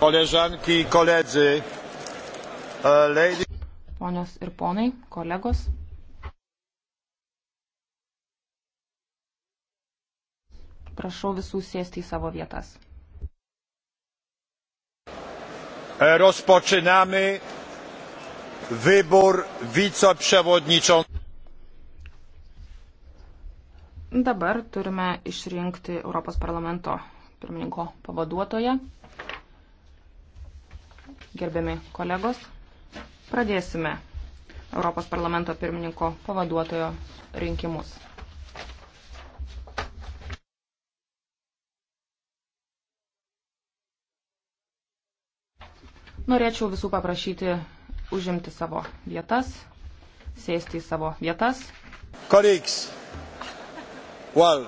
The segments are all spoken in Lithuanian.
Koleżanki i koledzy, e, lady... Ponios ir ponai, kolegos. Prašau visų sėsti į savo vietas. E, rozpoczynamy wybór wiceprzewodniczącego. Dabar turime išrinkti Europos parlamento pirmininko pavaduotoją gerbiami kolegos. Pradėsime Europos parlamento pirmininko pavaduotojo rinkimus. Norėčiau visų paprašyti užimti savo vietas, sėsti į savo vietas. Kolegs. Well.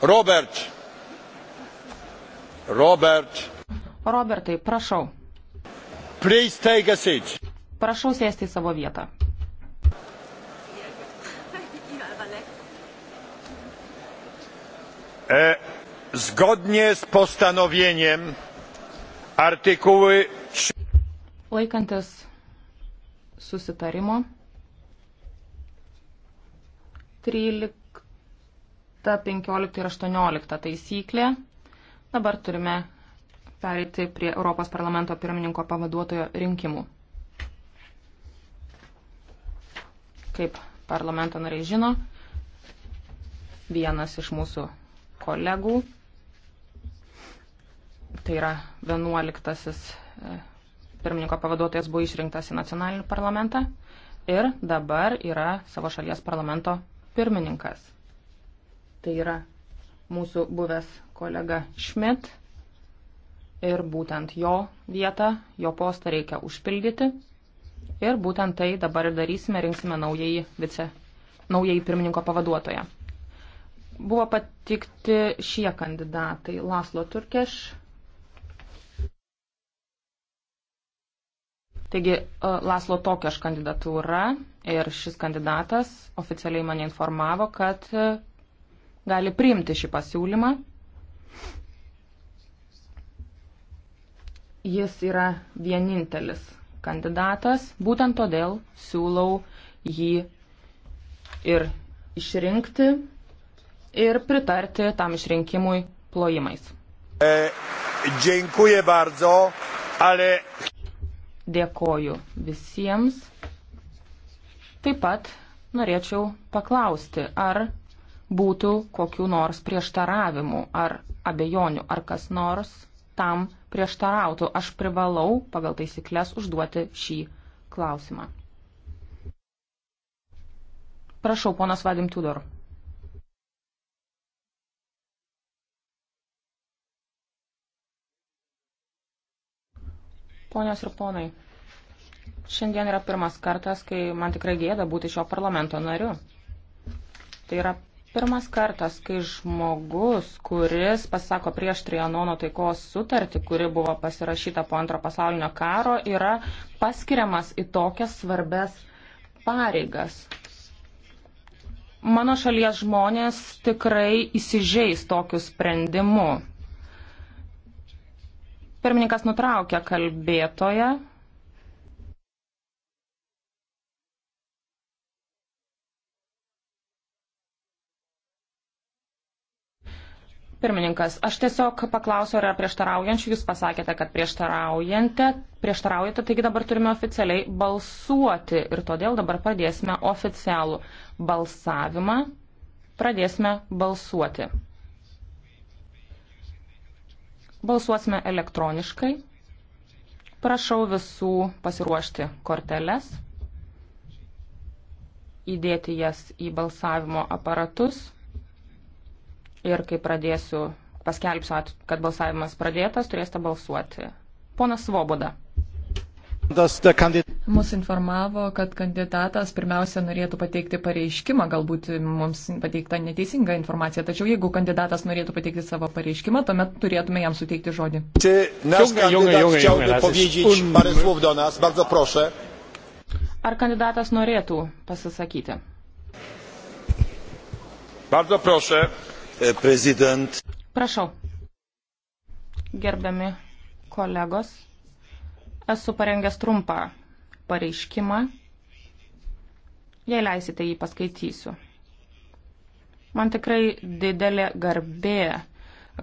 Robert. Robert. Robertai, prašau. Prašau sėsti į savo vietą. E, zgodnie z postanowieniem artykuły. Laikantis susitarimo 13, 15 ir 18 taisyklė, dabar turime pereiti prie Europos parlamento pirmininko pavaduotojo rinkimų. Kaip parlamento nariai žino, vienas iš mūsų kolegų, tai yra 11 e, pirmininko pavaduotojas buvo išrinktas į nacionalinį parlamentą ir dabar yra savo šalies parlamento pirmininkas. Tai yra mūsų buvęs kolega Šmit ir būtent jo vietą, jo postą reikia užpildyti. Ir būtent tai dabar ir darysime, rinksime naujai vice, naujai pirmininko pavaduotoją. Buvo patikti šie kandidatai Laslo Turkeš. Taigi e, Laslo Tokeš kandidatūra ir šis kandidatas oficialiai mane informavo, kad e, gali priimti šį pasiūlymą jis yra vienintelis kandidatas, būtent todėl siūlau jį ir išrinkti ir pritarti tam išrinkimui plojimais. E, dziękuję bardzo, ale. Dėkoju visiems. Taip pat norėčiau paklausti, ar būtų kokiu nors prieštaravimu, ar abejonių, ar kas nors tam prieštarautų. Aš privalau pagal taisyklės užduoti šį klausimą. Prašau, ponas Vadim Tudor. Ponios ir ponai, šiandien yra pirmas kartas, kai man tikrai gėda būti šio parlamento nariu. Tai yra Pirmas kartas, kai žmogus, kuris pasako prieš Trianono taikos sutartį, kuri buvo pasirašyta po antro pasaulinio karo, yra paskiriamas į tokias svarbes pareigas. Mano šalies žmonės tikrai įsižeis tokiu sprendimu. Pirmininkas nutraukė kalbėtoją. Pirmininkas, aš tiesiog paklausiau, ar yra prieštaraujančių, jūs pasakėte, kad prieštaraujate, prieštaraujate, taigi dabar turime oficialiai balsuoti ir todėl dabar pradėsime oficialų balsavimą, pradėsime balsuoti. Balsuosime elektroniškai. Prašau visų pasiruošti korteles, įdėti jas į balsavimo aparatus ir kai pradėsiu, paskelbsiu, kad balsavimas pradėtas, turėsite balsuoti. Ponas Svoboda. Mūsų informavo, kad kandidatas pirmiausia norėtų pateikti pareiškimą, galbūt mums pateikta neteisinga informacija, tačiau jeigu kandidatas norėtų pateikti savo pareiškimą, tuomet turėtume jam suteikti žodį. Ar kandidatas norėtų pasisakyti? Bardzo proszę. Eh, President. Prašau. Gerbiami kolegos, esu parengęs trumpą pareiškimą. Jei leisite jį paskaitysiu. Man tikrai didelė garbė,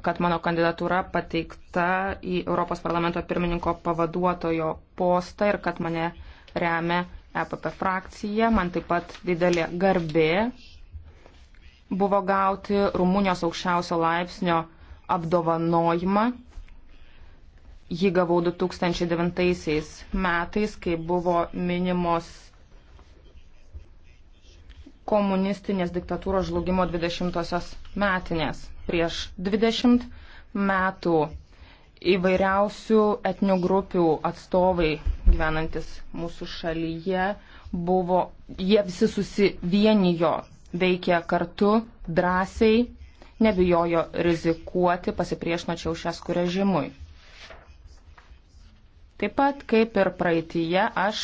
kad mano kandidatūra pateikta į Europos parlamento pirmininko pavaduotojo postą ir kad mane remia EPP frakcija. Man taip pat didelė garbė buvo gauti Rumunijos aukščiausio laipsnio apdovanojimą. Jį gavau 2009 metais, kai buvo minimos komunistinės diktatūros žlugimo 20-osios metinės. Prieš 20 metų įvairiausių etnių grupių atstovai gyvenantis mūsų šalyje buvo, jie visi susivienijo veikė kartu drąsiai, nebijojo rizikuoti, pasipriešino Čiaušeskų režimui. Taip pat, kaip ir praeitie, aš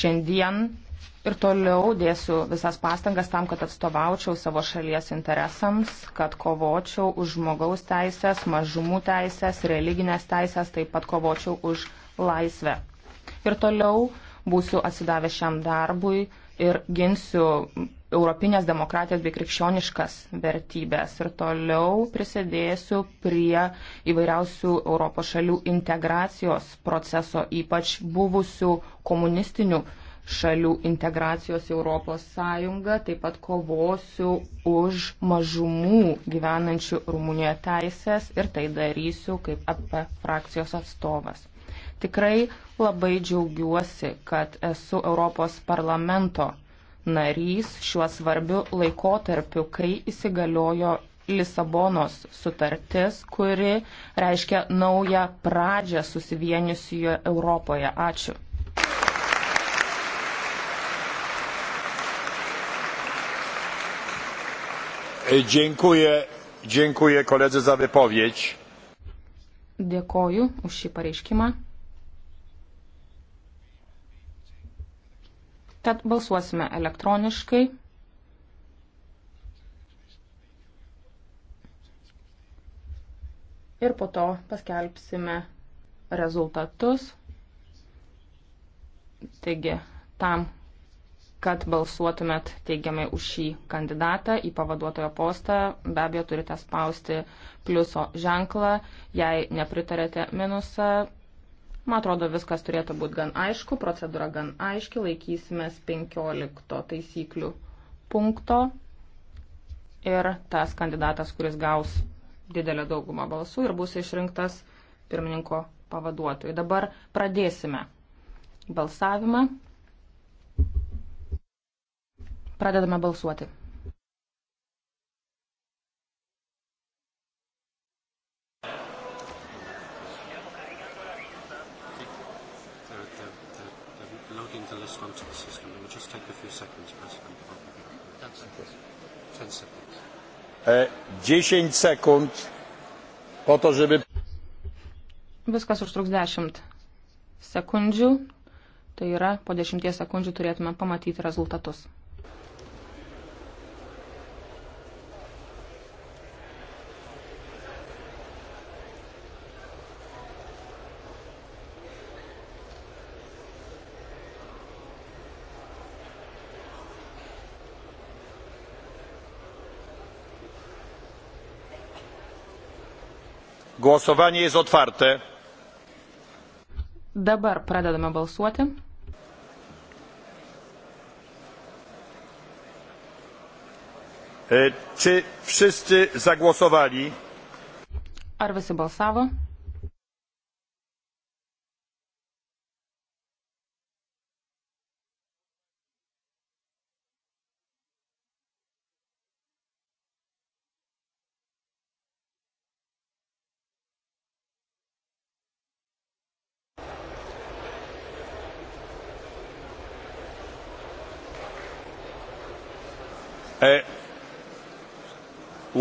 šiandien ir toliau dėsiu visas pastangas tam, kad atstovaučiau savo šalies interesams, kad kovočiau už žmogaus teisės, mažumų teisės, religinės teisės, taip pat kovočiau už laisvę. Ir toliau būsiu atsidavęs šiam darbui ir ginsiu europinės demokratijos bei krikščioniškas vertybės ir toliau prisidėsiu prie įvairiausių Europos šalių integracijos proceso, ypač buvusių komunistinių šalių integracijos Europos Sąjunga, taip pat kovosiu už mažumų gyvenančių Rumunijoje teisės ir tai darysiu kaip AP frakcijos atstovas. Tikrai labai džiaugiuosi, kad esu Europos parlamento narys šiuo svarbiu laikotarpiu, kai įsigaliojo Lisabonos sutartis, kuri reiškia naują pradžią susivieniusijoje Europoje. Ačiū. E, dziękuję, dziękuję koledze za wypowiedź. Dėkoju už šį pareiškimą. Tad balsuosime elektroniškai. Ir po to paskelbsime rezultatus. Taigi, tam, kad balsuotumėt teigiamai už šį kandidatą į pavaduotojo postą, be abejo turite spausti pliuso ženklą, jei nepritarėte minusą, Man atrodo, viskas turėtų būti gan aišku, procedūra gan aiški, laikysimės 15 taisyklių punkto ir tas kandidatas, kuris gaus didelę daugumą balsų ir bus išrinktas pirmininko pavaduotojui. Dabar pradėsime balsavimą. Pradedame balsuoti. take a few seconds, President. Ten seconds. Ten seconds. E, 10 sekund po to, żeby. Viskas užtruks 10 sekundžių, tai yra po 10 sekundžių turėtume pamatyti rezultatus. Głosowanie jest otwarte. Dabar pradedame balsuoti. E, czy wszyscy zagłosowali? Ar visi balsavo?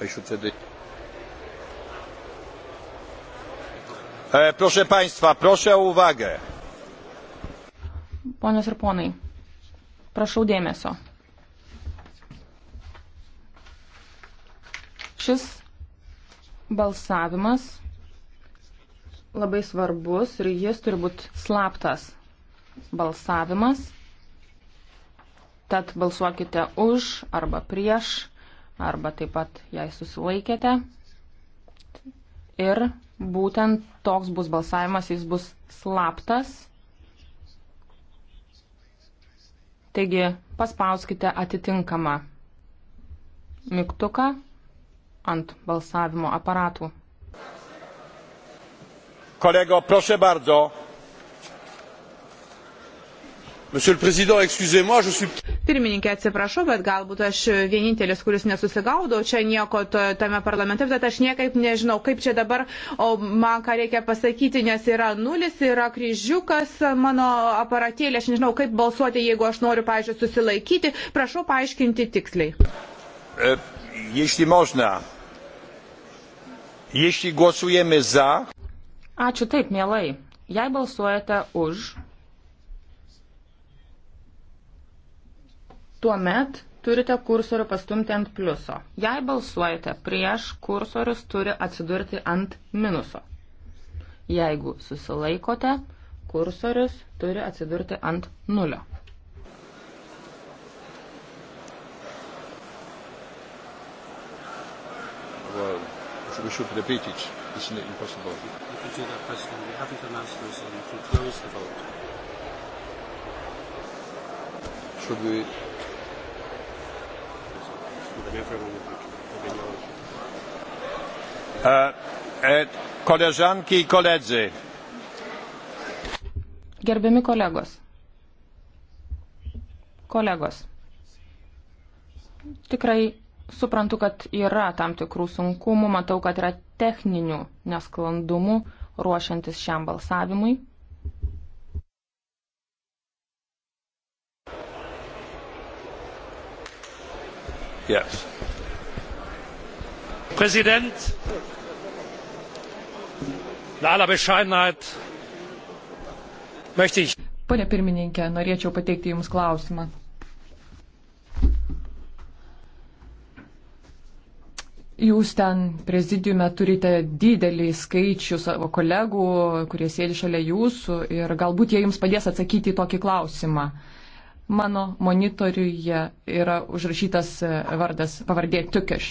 I should say the... Proszę Państwa, proszę o uwagę. Ponios ir ponai, prašau dėmesio. Šis balsavimas labai svarbus ir jis turi būti slaptas balsavimas. Tad balsuokite už arba prieš arba taip pat jei susilaikėte. Ir būtent toks bus balsavimas, jis bus slaptas. Taigi paspauskite atitinkamą mygtuką ant balsavimo aparatų. Kolego, proszę bardzo. Monsieur le Président, excusez-moi, je suis... Pirmininkė, atsiprašau, bet galbūt aš vienintelis, kuris nesusigaudau čia nieko to, tame parlamente, bet aš niekaip nežinau, kaip čia dabar, o man ką reikia pasakyti, nes yra nulis, yra kryžiukas mano aparatėlė, aš nežinau, kaip balsuoti, jeigu aš noriu, pažiūrėjau, susilaikyti. Prašau paaiškinti tiksliai. E, jeśli można, jeśli głosujemy za. Ačiū taip, mielai. Jei balsuojate už, tuomet turite kursorių pastumti ant pliuso. Jei balsuojate prieš, kursorius turi atsidurti ant minuso. Jeigu susilaikote, kursorius turi atsidurti ant nulio. Well, we should repeat it. Isn't it impossible? You could do that, President. We haven't announced the result. You can close the vote. Should we que también fue un pequeño. Uh, uh, koleżanki i koledzy. Gerbiami kolegos. Kolegos. Tikrai suprantu, kad yra tam tikrų sunkumų, matau, kad yra techninių nesklandumų ruošiantis šiam balsavimui. Yes. Präsident! In aller Bescheidenheit möchte ich. Pone pirmininkė, norėčiau pateikti Jums klausimą. Jūs ten prezidiume turite didelį skaičių savo kolegų, kurie sėdi šalia jūsų ir galbūt jie jums padės atsakyti į tokį klausimą. Uh, Mano monitoriuje yra užrašytas e, vardas, pavardė Tukiš.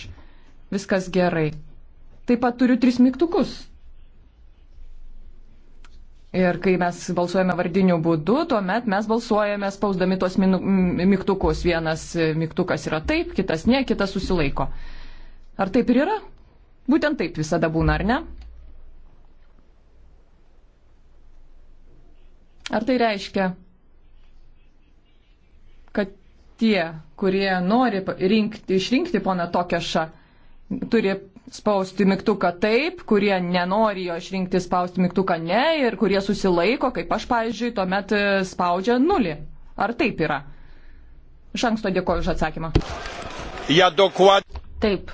Viskas gerai. Taip pat turiu tris mygtukus. Ir kai mes balsuojame vardiniu būdu, tuomet mes balsuojame spausdami tuos mygtukus. Vienas e, mygtukas yra taip, kitas ne, kitas susilaiko. Ar taip ir yra? Būtent taip visada būna, ar ne? Ar tai reiškia, kad tie, kurie nori rinkti, išrinkti poną Tokešą, turi spausti mygtuką taip, kurie nenori jo išrinkti spausti mygtuką ne ir kurie susilaiko, kaip aš, pavyzdžiui, tuomet e, spaudžia nulį. Ar taip yra? Iš anksto dėkoju už atsakymą. Ja, dokuat... Taip,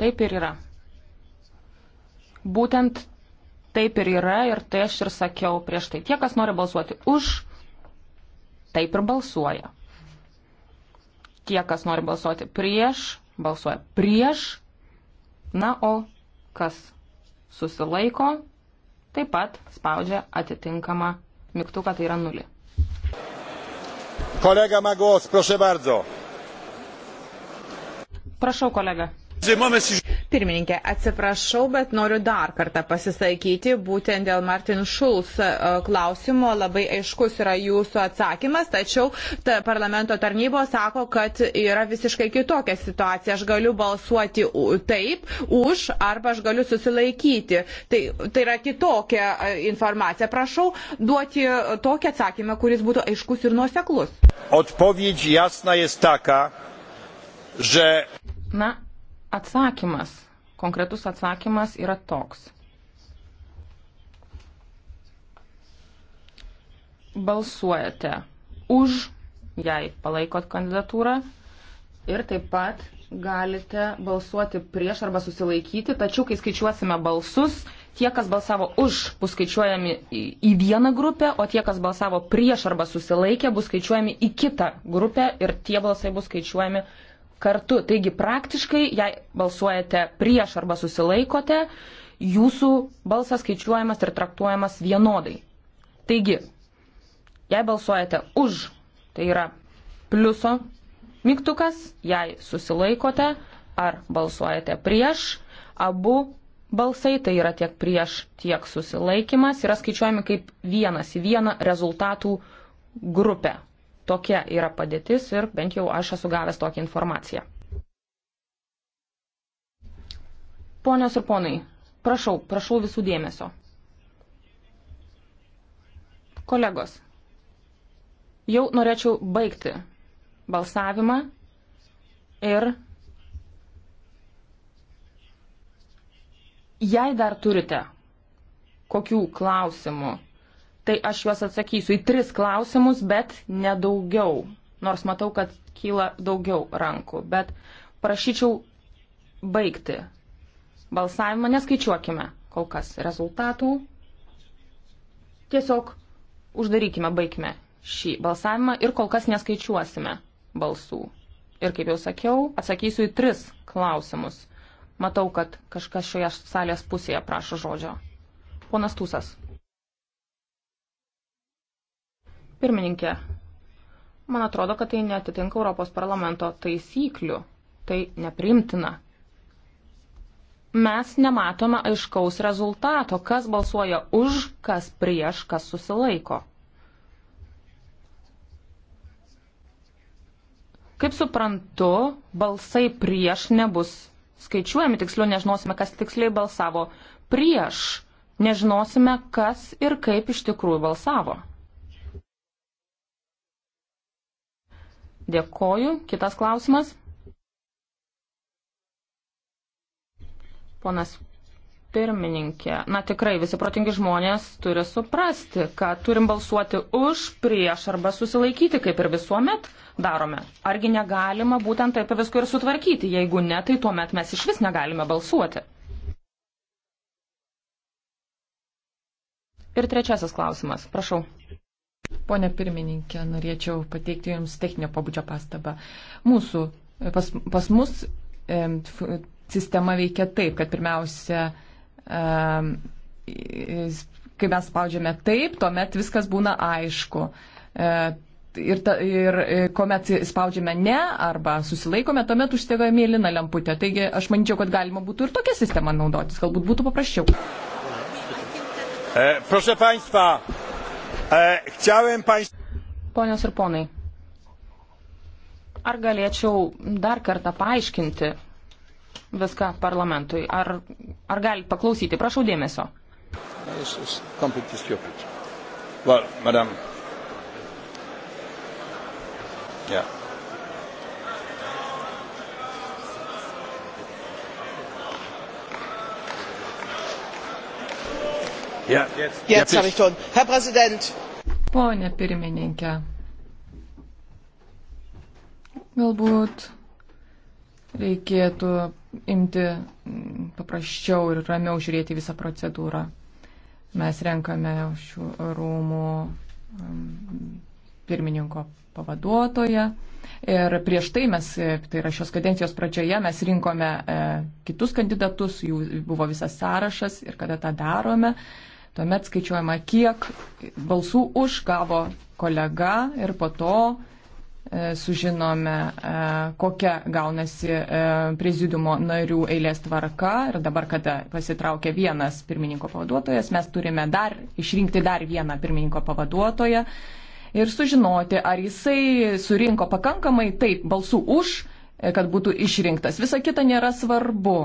taip ir yra. Būtent taip ir yra ir tai aš ir sakiau prieš tai. Tie, kas nori balsuoti už, taip ir balsuoja. Tie, kas nori balsuoti prieš, balsuoja prieš. Na, o kas susilaiko, taip pat spaudžia atitinkamą mygtuką, tai yra nulį. Kolega Magos, prašau bardzo. Prašau, kolega. Pirmininkė, atsiprašau, bet noriu dar kartą pasisakyti būtent dėl Martin Schulz e, klausimo. Labai aiškus yra jūsų atsakymas, tačiau ta parlamento tarnybos sako, kad yra visiškai kitokia situacija. Aš galiu balsuoti taip, už, arba aš galiu susilaikyti. Tai, tai yra kitokia e, informacija. Prašau duoti tokį atsakymą, kuris būtų aiškus ir nuoseklus. Odpowiedź jasna jest taka, że... Na, Atsakymas, konkretus atsakymas yra toks. Balsuojate už, jei palaikot kandidatūrą, ir taip pat galite balsuoti prieš arba susilaikyti, tačiau kai skaičiuosime balsus, tie, kas balsavo už, bus skaičiuojami į vieną grupę, o tie, kas balsavo prieš arba susilaikė, bus skaičiuojami į kitą grupę ir tie balsai bus skaičiuojami kartu. Taigi praktiškai, jei balsuojate prieš arba susilaikote, jūsų balsas skaičiuojamas ir traktuojamas vienodai. Taigi, jei balsuojate už, tai yra pliuso mygtukas, jei susilaikote ar balsuojate prieš, abu balsai, tai yra tiek prieš, tiek susilaikimas, yra skaičiuojami kaip vienas į vieną rezultatų grupę. Tokia yra padėtis ir bent jau aš esu gavęs tokią informaciją. Ponios ir ponai, prašau, prašau visų dėmesio. Kolegos, jau norėčiau baigti balsavimą ir jei dar turite kokių klausimų tai aš juos atsakysiu į tris klausimus, bet nedaugiau. Nors matau, kad kyla daugiau rankų, bet prašyčiau baigti balsavimą, neskaičiuokime kol kas rezultatų. Tiesiog uždarykime, baigime šį balsavimą ir kol kas neskaičiuosime balsų. Ir kaip jau sakiau, atsakysiu į tris klausimus. Matau, kad kažkas šioje salės pusėje prašo žodžio. Ponas Tūsas. Pirmininkė, man atrodo, kad tai netitinka Europos parlamento taisyklių. Tai neprimtina. Mes nematome aiškaus rezultato, kas balsuoja už, kas prieš, kas susilaiko. Kaip suprantu, balsai prieš nebus skaičiuojami, tiksliau nežinosime, kas tiksliai balsavo prieš, nežinosime, kas ir kaip iš tikrųjų balsavo. Dėkoju. Kitas klausimas. Ponas pirmininkė. Na tikrai, visi protingi žmonės turi suprasti, kad turim balsuoti už, prieš arba susilaikyti, kaip ir visuomet darome. Argi negalima būtent taip visko ir sutvarkyti? Jeigu ne, tai tuomet mes iš vis negalime balsuoti. Ir trečiasis klausimas. Prašau. Pone pirmininkė, norėčiau pateikti Jums techninio pabudžio pastabą. Mūsų, pas, pas mus e, sistema veikia taip, kad pirmiausia, e, kai mes spaudžiame taip, tuomet viskas būna aišku. E, ir, ta, ir e, kuomet spaudžiame ne arba susilaikome, tuomet užsidega mėlyna lemputė. Taigi aš manyčiau, kad galima būtų ir tokią sistemą naudotis, galbūt būtų paprasčiau. E, proszę Państwa, E, Ponios ir ponai, ar galėčiau dar kartą paaiškinti viską parlamentui? Ar, ar galite paklausyti? Prašau dėmesio. Well, madam. Yeah. Ja. Jetzt habe ich ton. Herr Präsident. Pone pirmininkė. Galbūt reikėtų imti mm, paprasčiau ir ramiau žiūrėti visą procedūrą. Mes renkame šių rūmų mm, pirmininko pavaduotoją. Ir prieš tai mes, tai yra šios kadencijos pradžioje, mes rinkome e, kitus kandidatus, jų buvo visas sąrašas ir kada tą darome. Tuomet skaičiuojama, kiek balsų už gavo kolega ir po to e, sužinome, e, kokia gaunasi e, prezidiumo narių eilės tvarka ir dabar, kada pasitraukia vienas pirmininko pavaduotojas, mes turime dar išrinkti dar vieną pirmininko pavaduotoją ir sužinoti, ar jisai surinko pakankamai taip balsų už, kad būtų išrinktas. Visa kita nėra svarbu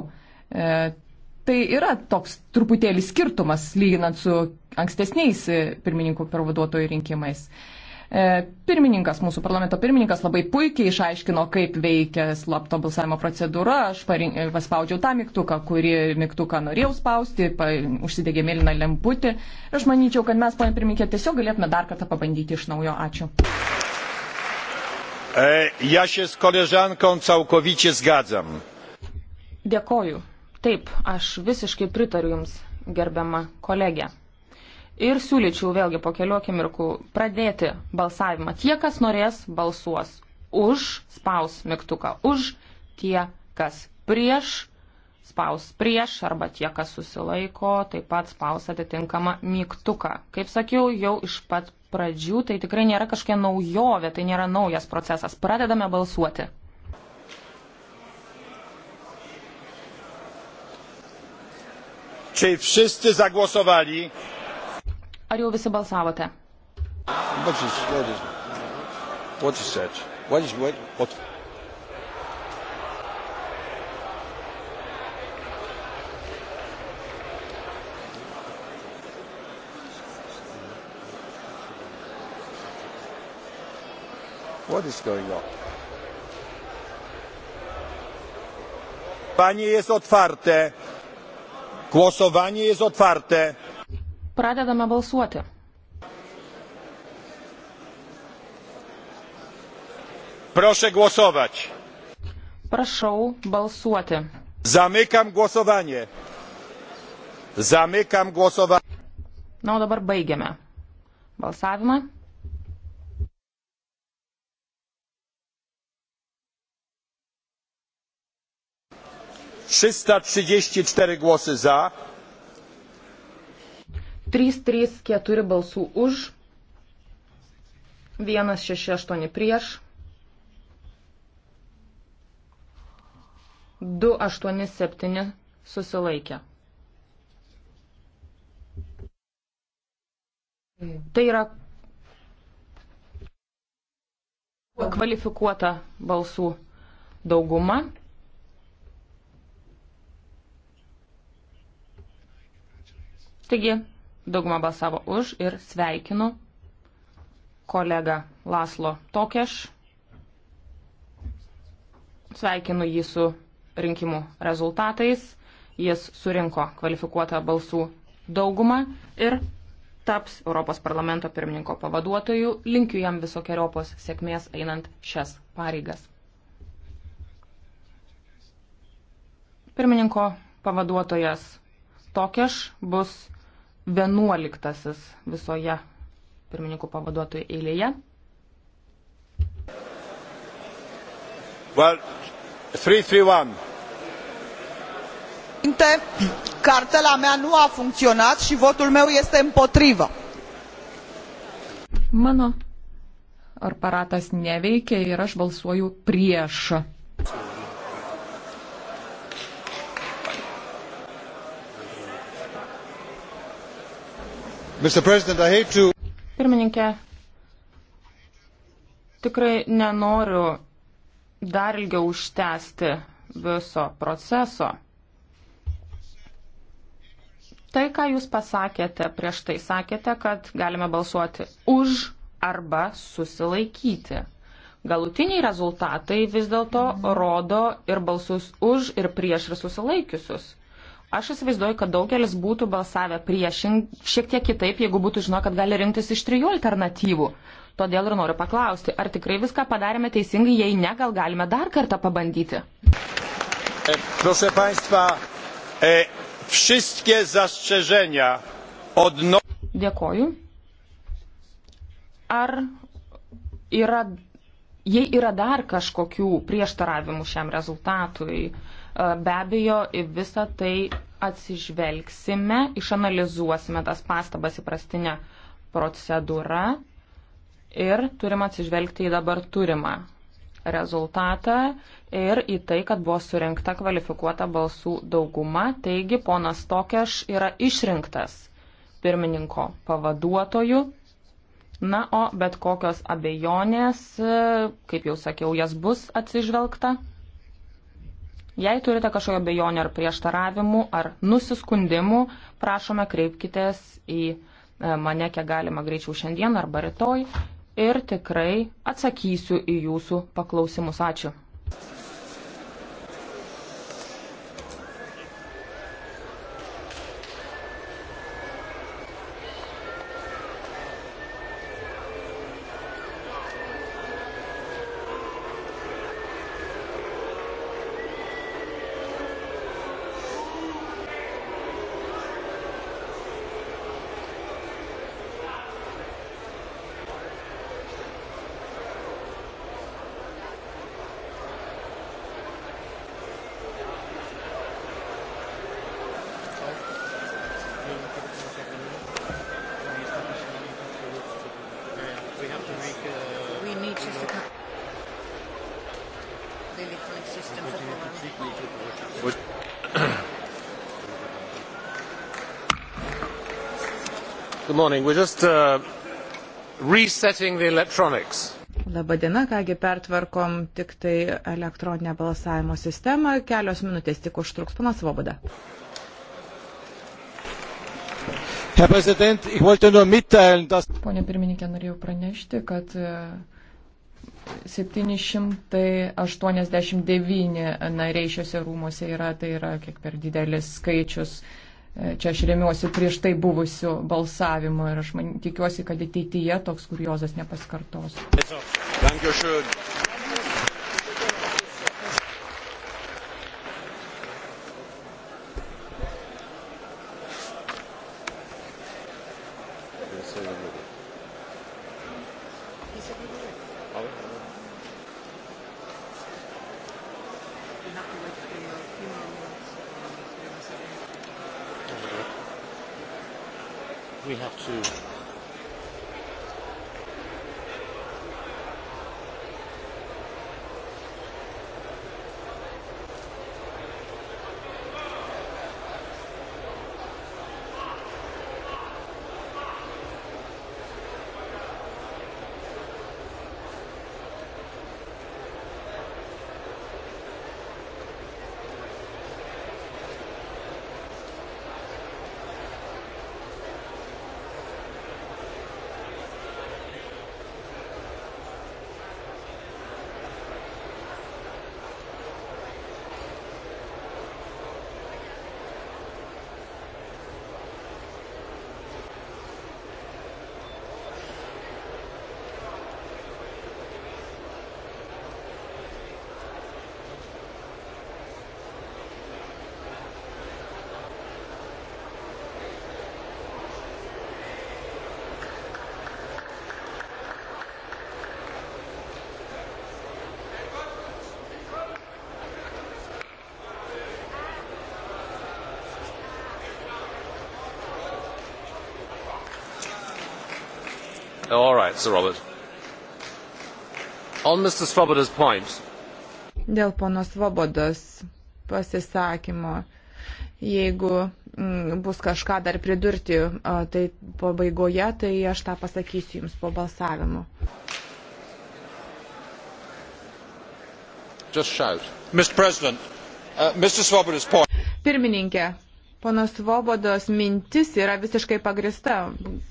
tai yra toks truputėlį skirtumas lyginant su ankstesniais e, pirmininkų pavaduotojų rinkimais. E, pirmininkas, mūsų parlamento pirmininkas labai puikiai išaiškino, kaip veikia slapto balsavimo procedūra. Aš parink, e, paspaudžiau tą mygtuką, kurį mygtuką norėjau spausti, pa, užsidegė mėlyną lemputį. Aš manyčiau, kad mes, ponė pirmininkė, tiesiog galėtume dar kartą pabandyti iš naujo. Ačiū. E, ja się z koleżanką całkowicie zgadzam. Dėkoju. Taip, aš visiškai pritariu Jums, gerbiama kolegė. Ir siūlyčiau vėlgi po kelių akimirkų pradėti balsavimą. Tie, kas norės, balsuos už, spaus mygtuką už, tie, kas prieš, spaus prieš, arba tie, kas susilaiko, taip pat spaus atitinkamą mygtuką. Kaip sakiau, jau iš pat pradžių tai tikrai nėra kažkokia naujovė, tai nėra naujas procesas. Pradedame balsuoti. Czy wszyscy zagłosowali? Ar jau visi balsavote? What is, what is, what is that? What is, what, what? What is going on? Panie jest otwarte. Głosowanie jest otwarte. Pradedame balsuoti. Proszę głosować. Prašau balsuoti. Zamykam głosowanie. Zamykam głosowanie. Na, o dabar baigiame balsavimą. trzysta trzydzieści cztery głosy za trys trys keturi balsų už vienas šeši aštuoni prieš du aštuoni septyni susilaikė tai yra kvalifikuota balsų dauguma Taigi, dauguma balsavo už ir sveikinu kolegą Laslo Tokeš. Sveikinu jį su rinkimų rezultatais. Jis surinko kvalifikuotą balsų daugumą ir taps Europos parlamento pirmininko pavaduotoju. Linkiu jam visokiojopos sėkmės einant šias pareigas. Pirmininko pavaduotojas Tokeš bus vienuoliktasis visoje pirmininkų pavaduotojų eilėje. Well, 331. Cartela mea nu a funcționat și votul meu este împotrivă. Mano aparatas neveikia ir aš balsuoju prieš. To... Pirmininkė, tikrai nenoriu dar ilgiau užtęsti viso proceso. Tai, ką Jūs pasakėte prieš tai, sakėte, kad galime balsuoti už arba susilaikyti. Galutiniai rezultatai vis dėlto rodo ir balsus už, ir prieš, ir susilaikiusius. Aš įsivaizduoju, kad daugelis būtų balsavę priešing, šiek tiek kitaip, jeigu būtų žino, kad gali rinktis iš trijų alternatyvų. Todėl ir noriu paklausti, ar tikrai viską padarėme teisingai, jei ne, gal galime dar kartą pabandyti. E, proszę Państwa, e, wszystkie zastrzeżenia odno... Dėkoju. Ar yra, jei yra dar kažkokių prieštaravimų šiam rezultatui, E, be abejo, visą tai atsižvelgsime, išanalizuosime tas pastabas įprastinę procedūrą ir turim atsižvelgti į dabar turimą rezultatą ir į tai, kad buvo surinkta kvalifikuota balsų dauguma. Taigi, ponas Tokeš yra išrinktas pirmininko pavaduotoju. Na, o bet kokios abejonės, kaip jau sakiau, jas bus atsižvelgta. Jei turite kažkojo bejonių ar prieštaravimų ar nusiskundimų, prašome kreipkitės į e, mane kiek galima greičiau šiandien arba rytoj ir tikrai atsakysiu į jūsų paklausimus. Ačiū. morning. We're just uh, resetting the electronics. Labadiena, kągi pertvarkom tik tai elektroninę balsavimo sistemą. Kelios minutės tik užtruks. Pana Svoboda. Pone pirmininkė, norėjau pranešti, kad 789 e, nariai šiuose rūmose yra, tai yra kiek per didelis skaičius Čia aš remiuosi prieš tai buvusiu balsavimu ir aš man, tikiuosi, kad ateityje toks kuriozas nepasikartos. Dankeschön. Oh, all right, Sir Robert. On Mr. Svoboda's point. Dėl pono Svobodos pasisakymo, jeigu mm, bus kažką dar pridurti, tai pabaigoje, tai aš tą pasakysiu jums po balsavimo. Just shout. Mr. President, uh, Mr. Svoboda's point. Pirmininkė, Ponas Vobodos mintis yra visiškai pagrista.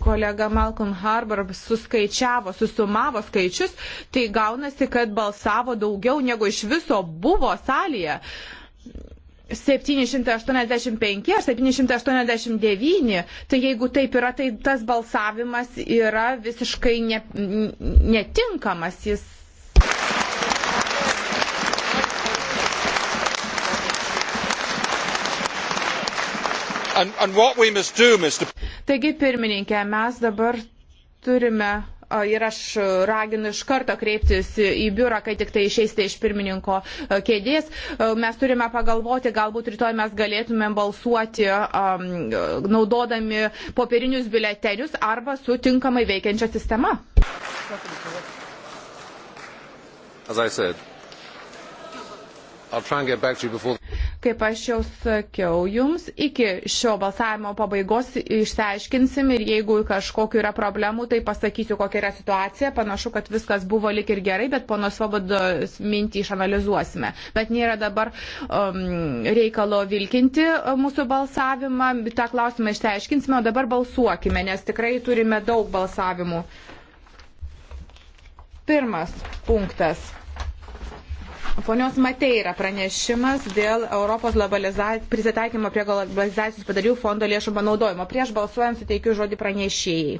Kolega Malcolm Harbour suskaičiavo, susumavo skaičius, tai gaunasi, kad balsavo daugiau negu iš viso buvo salėje. 785 ar 789, tai jeigu taip yra, tai tas balsavimas yra visiškai ne, netinkamas, jis And, and do, Mr... Taigi, pirmininkė, mes dabar turime ir aš raginu iš karto kreiptis į biurą, kai tik tai išeisite iš pirmininko kėdės. Mes turime pagalvoti, galbūt rytoj mes galėtumėm balsuoti um, naudodami popierinius biuletenius arba su tinkamai veikiančia sistema. As I said, I'll try and get back to you before. Kaip aš jau sakiau jums, iki šio balsavimo pabaigos išsiaiškinsim ir jeigu kažkokiu yra problemų, tai pasakysiu, kokia yra situacija. Panašu, kad viskas buvo lik ir gerai, bet pono Svobodos mintį išanalizuosime. Bet nėra dabar um, reikalo vilkinti uh, mūsų balsavimą. Ta klausimą išsiaiškinsime, o dabar balsuokime, nes tikrai turime daug balsavimų. Pirmas punktas Ponios Mateira pranešimas dėl Europos prisitaikymo prie globalizacijos padarių fondo lėšų panaudojimo. Prieš balsuojant suteikiu žodį pranešėjai.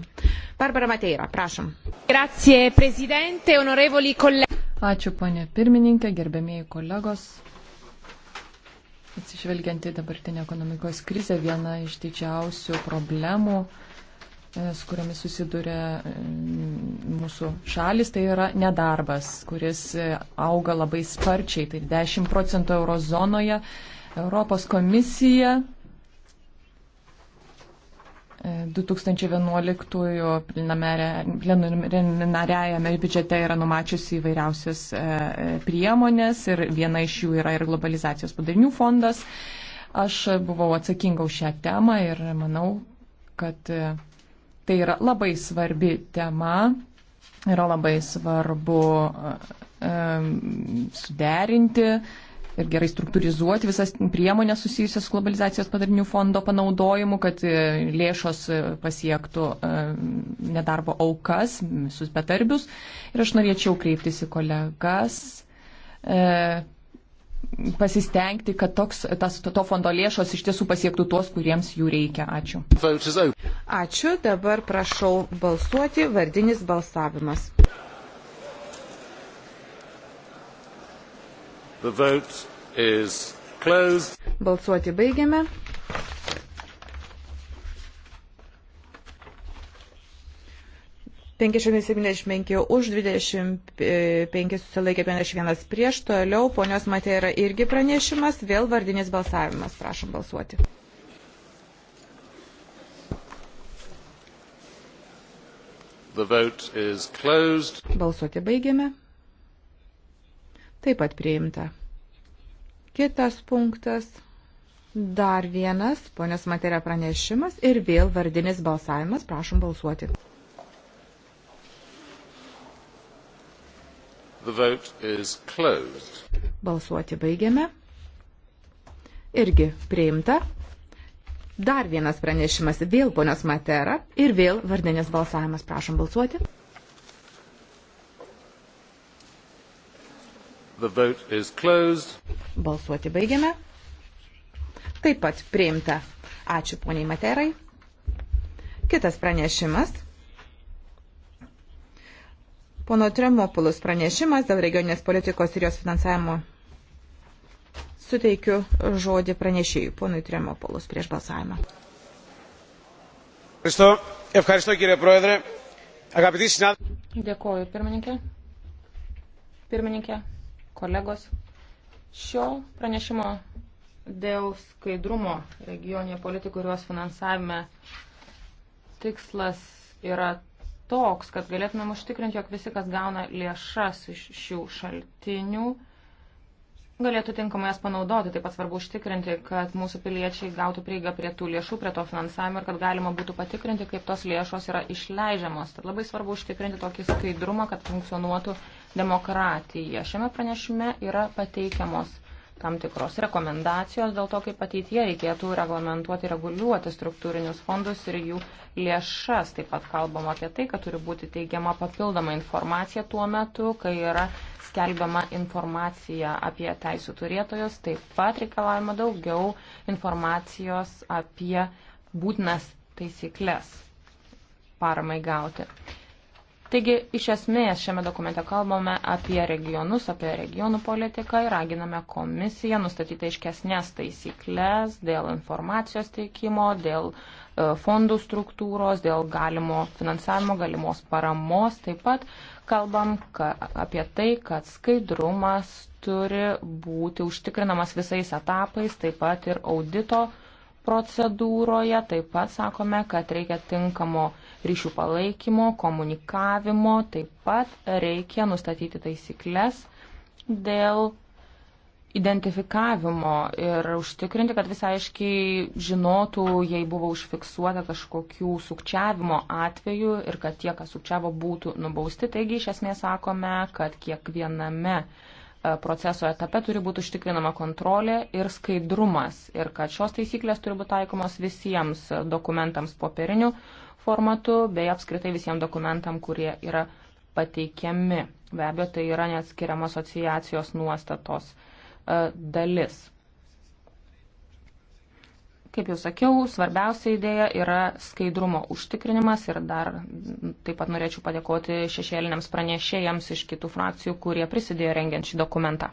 Barbara Mateira, prašom. Grazie, prezidente, onorevoli kolegai. Ačiū, ponė pirmininkė, gerbėmėjai kolegos. Atsižvelgiant į dabartinę ekonomikos krizę, viena iš didžiausių problemų E, su kuriamis susiduria e, mūsų šalis, tai yra nedarbas, kuris e, auga labai sparčiai, tai 10 procentų eurozonoje. Europos komisija 2011 plenariajame biudžete yra numačiusi įvairiausias priemonės ir viena iš jų yra ir globalizacijos padarinių fondas. Aš buvau atsakinga už šią temą ir manau, kad Tai yra labai svarbi tema, yra labai svarbu e, suderinti ir gerai struktūrizuoti visas priemonės susijusias su globalizacijos padarinių fondo panaudojimu, kad e, lėšos e, pasiektų nedarbo aukas, visus betarbius. Ir aš norėčiau kreiptis į kolegas pasistengti, kad toks, tas, to fondo lėšos iš tiesų pasiektų tuos, kuriems jų reikia. Ačiū. Ačiū. Dabar prašau balsuoti. Vardinis balsavimas. Balsuoti baigiame. 575 už, 25 e, susilaikė 51 prieš. Toliau ponios Matė yra irgi pranešimas, vėl vardinis balsavimas. Prašom balsuoti. Balsuoti baigėme. Taip pat priimta. Kitas punktas. Dar vienas ponios Matėra pranešimas ir vėl vardinis balsavimas. Prašom balsuoti. Balsuoti baigiame. Irgi priimta. Dar vienas pranešimas vėl ponios Matera ir vėl vardinės balsavimas. Prašom balsuoti. Balsuoti baigiame. Taip pat priimta. Ačiū poniai Materai. Kitas pranešimas. Pono Tremopulus pranešimas dėl regioninės politikos ir jos finansavimo. Suteikiu žodį pranešėjui, ponui Tremopulus, prieš balsavimą. Dėkuoju, pirmininkė. Pirmininkė, kolegos. Šio pranešimo dėl skaidrumo regioninėje politikų ir jos finansavime tikslas yra toks, kad galėtumėm užtikrinti, jog visi, kas gauna lėšas iš šių šaltinių, galėtų tinkamai jas panaudoti. Taip pat svarbu užtikrinti, kad mūsų piliečiai gautų prieigą prie tų lėšų, prie to finansavimo ir kad galima būtų patikrinti, kaip tos lėšos yra išleidžiamos. Tad labai svarbu užtikrinti tokį skaidrumą, kad funkcionuotų demokratija. Šiame pranešime yra pateikiamos tam tikros rekomendacijos dėl to, kaip ateityje reikėtų reglamentuoti, reguliuoti struktūrinius fondus ir jų lėšas. Taip pat kalbama apie tai, kad turi būti teigiama papildoma informacija tuo metu, kai yra skelbiama informacija apie teisų turėtojus. Taip pat reikalavima daugiau informacijos apie būtinas taisyklės paramai gauti. Taigi, iš esmės, šiame dokumente kalbame apie regionus, apie regionų politiką ir raginame komisiją nustatyti aiškesnės taisyklės dėl informacijos teikimo, dėl e, fondų struktūros, dėl galimo finansavimo, galimos paramos. Taip pat kalbam ka, apie tai, kad skaidrumas turi būti užtikrinamas visais etapais, taip pat ir audito procedūroje. Taip pat sakome, kad reikia tinkamo ryšių palaikymo, komunikavimo, taip pat reikia nustatyti taisyklės dėl identifikavimo ir užtikrinti, kad visai aiškiai žinotų, jei buvo užfiksuota kažkokių sukčiavimo atvejų ir kad tie, kas sukčiavo, būtų nubausti. Taigi, iš esmės sakome, kad kiekviename e, proceso etape turi būti užtikrinama kontrolė ir skaidrumas ir kad šios taisyklės turi būti taikomos visiems dokumentams popierinių formatu, bei apskritai visiems dokumentam, kurie yra pateikiami. Be abejo, tai yra neatskiriama asociacijos nuostatos e, dalis. Kaip jau sakiau, svarbiausia idėja yra skaidrumo užtikrinimas ir dar taip pat norėčiau padėkoti šešėliniams pranešėjams iš kitų frakcijų, kurie prisidėjo rengiant šį dokumentą.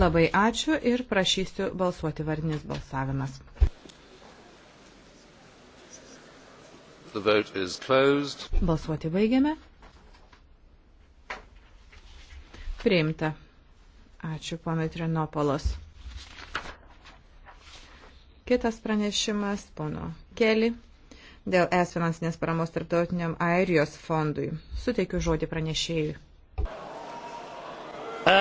Labai ačiū ir prašysiu balsuoti vardinis balsavimas. Balsuoti baigiame. Priimta. Ačiū, ponai Trinopolos. Kitas pranešimas, pono Keli, dėl es finansinės paramos tarptautiniam Airijos fondui. Suteikiu žodį pranešėjui. Uh,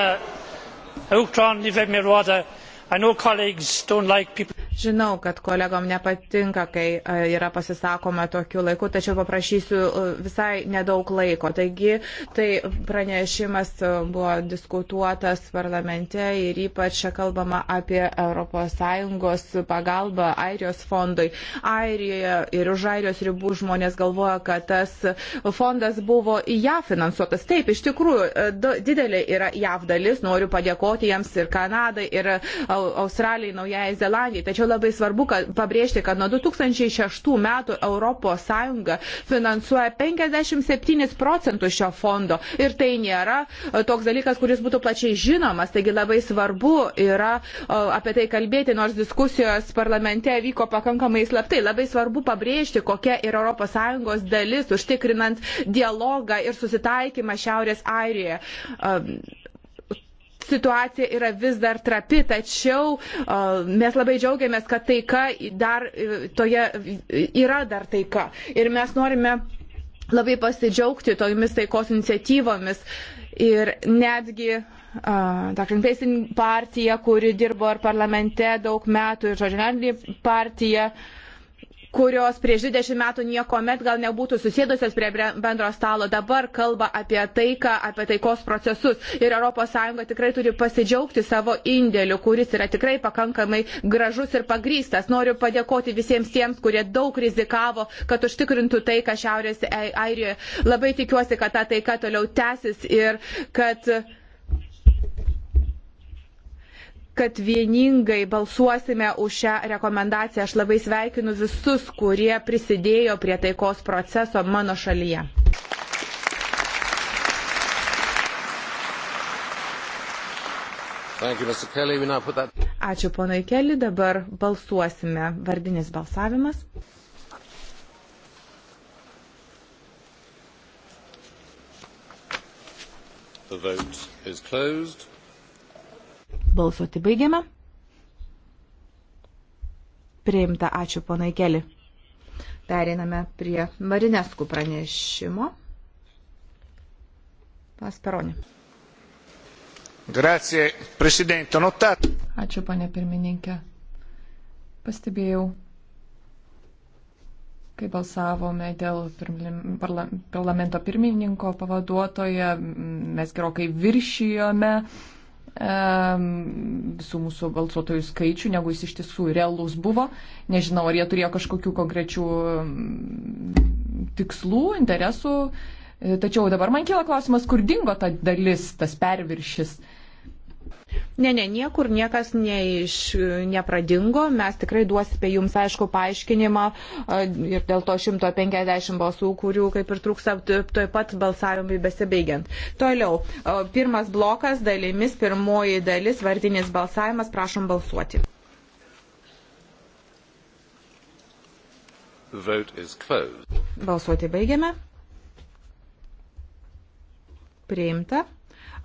Žinau, kad kolegom nepatinka, kai e, yra pasisakoma tokiu laiku, tačiau paprašysiu e, visai nedaug laiko. Taigi, tai pranešimas e, buvo diskutuotas parlamente ir ypač čia kalbama apie ES pagalbą Airijos fondui. Airijoje ir už Airijos ribų žmonės galvoja, kad tas fondas buvo į ją finansuotas. Taip, iš tikrųjų, didelė yra JAV dalis, noriu padėkoti jiems ir Kanadai, ir Australijai, Naujajai Zelandijai. Tačiau labai svarbu kad, pabrėžti, kad nuo 2006 metų ES finansuoja 57 procentus šio fondo ir tai nėra e, toks dalykas, kuris būtų plačiai žinomas, taigi labai svarbu yra e, apie tai kalbėti, nors diskusijos parlamente vyko pakankamai slaptai. Labai svarbu pabrėžti, kokia yra ES dalis, užtikrinant dialogą ir susitaikymą Šiaurės Airijoje. E, situacija yra vis dar trapi, tačiau mes labai džiaugiamės, kad taika dar e, toje yra dar taika. Ir mes norime labai pasidžiaugti tomis taikos iniciatyvomis. Ir netgi Dr. Peisin partija, kuri dirbo ir parlamente daug metų, ir Žodžianelį partija, uh, kurios prieš 20 metų nieko met gal nebūtų susėdusios prie bendro stalo, dabar kalba apie taiką, apie taikos procesus. Ir ES tikrai turi pasidžiaugti savo indėliu, kuris yra tikrai pakankamai gražus ir pagrystas. Noriu padėkoti visiems tiems, kurie daug rizikavo, kad užtikrintų taiką Šiaurės Airijoje. Labai tikiuosi, kad ta taika toliau tęsis ir kad uh, kad vieningai balsuosime už šią rekomendaciją. Aš labai sveikinu visus, kurie prisidėjo prie taikos proceso mano šalyje. You, that... Ačiū ponai Keli, dabar balsuosime. Vardinis balsavimas. The vote is closed. Balsuoti baigiame. Priimta, ačiū ponai Keli. Periname prie Marineskų pranešimo. Pasperonė. Grazie, prezidente. Notat. Ačiū, ponė pirmininkė. Pastebėjau, kai balsavome dėl parlamento pirmininko pavaduotoje, mes gerokai viršijome visų mūsų balsuotojų skaičių, negu jis iš tiesų realus buvo. Nežinau, ar jie turėjo kažkokių konkrečių tikslų, interesų. E, tačiau dabar man kyla klausimas, kur dingo ta dalis, tas perviršis. Uh, Ne, ne, niekur niekas neiš, nepradingo. Mes tikrai duosime jums aišku paaiškinimą ir dėl to 150 balsų, kurių kaip ir trūksta toj pat balsavimui besibaigiant. Toliau, pirmas blokas dalimis, pirmoji dalis, vardinis balsavimas, prašom balsuoti. Balsuoti baigiame. Priimta.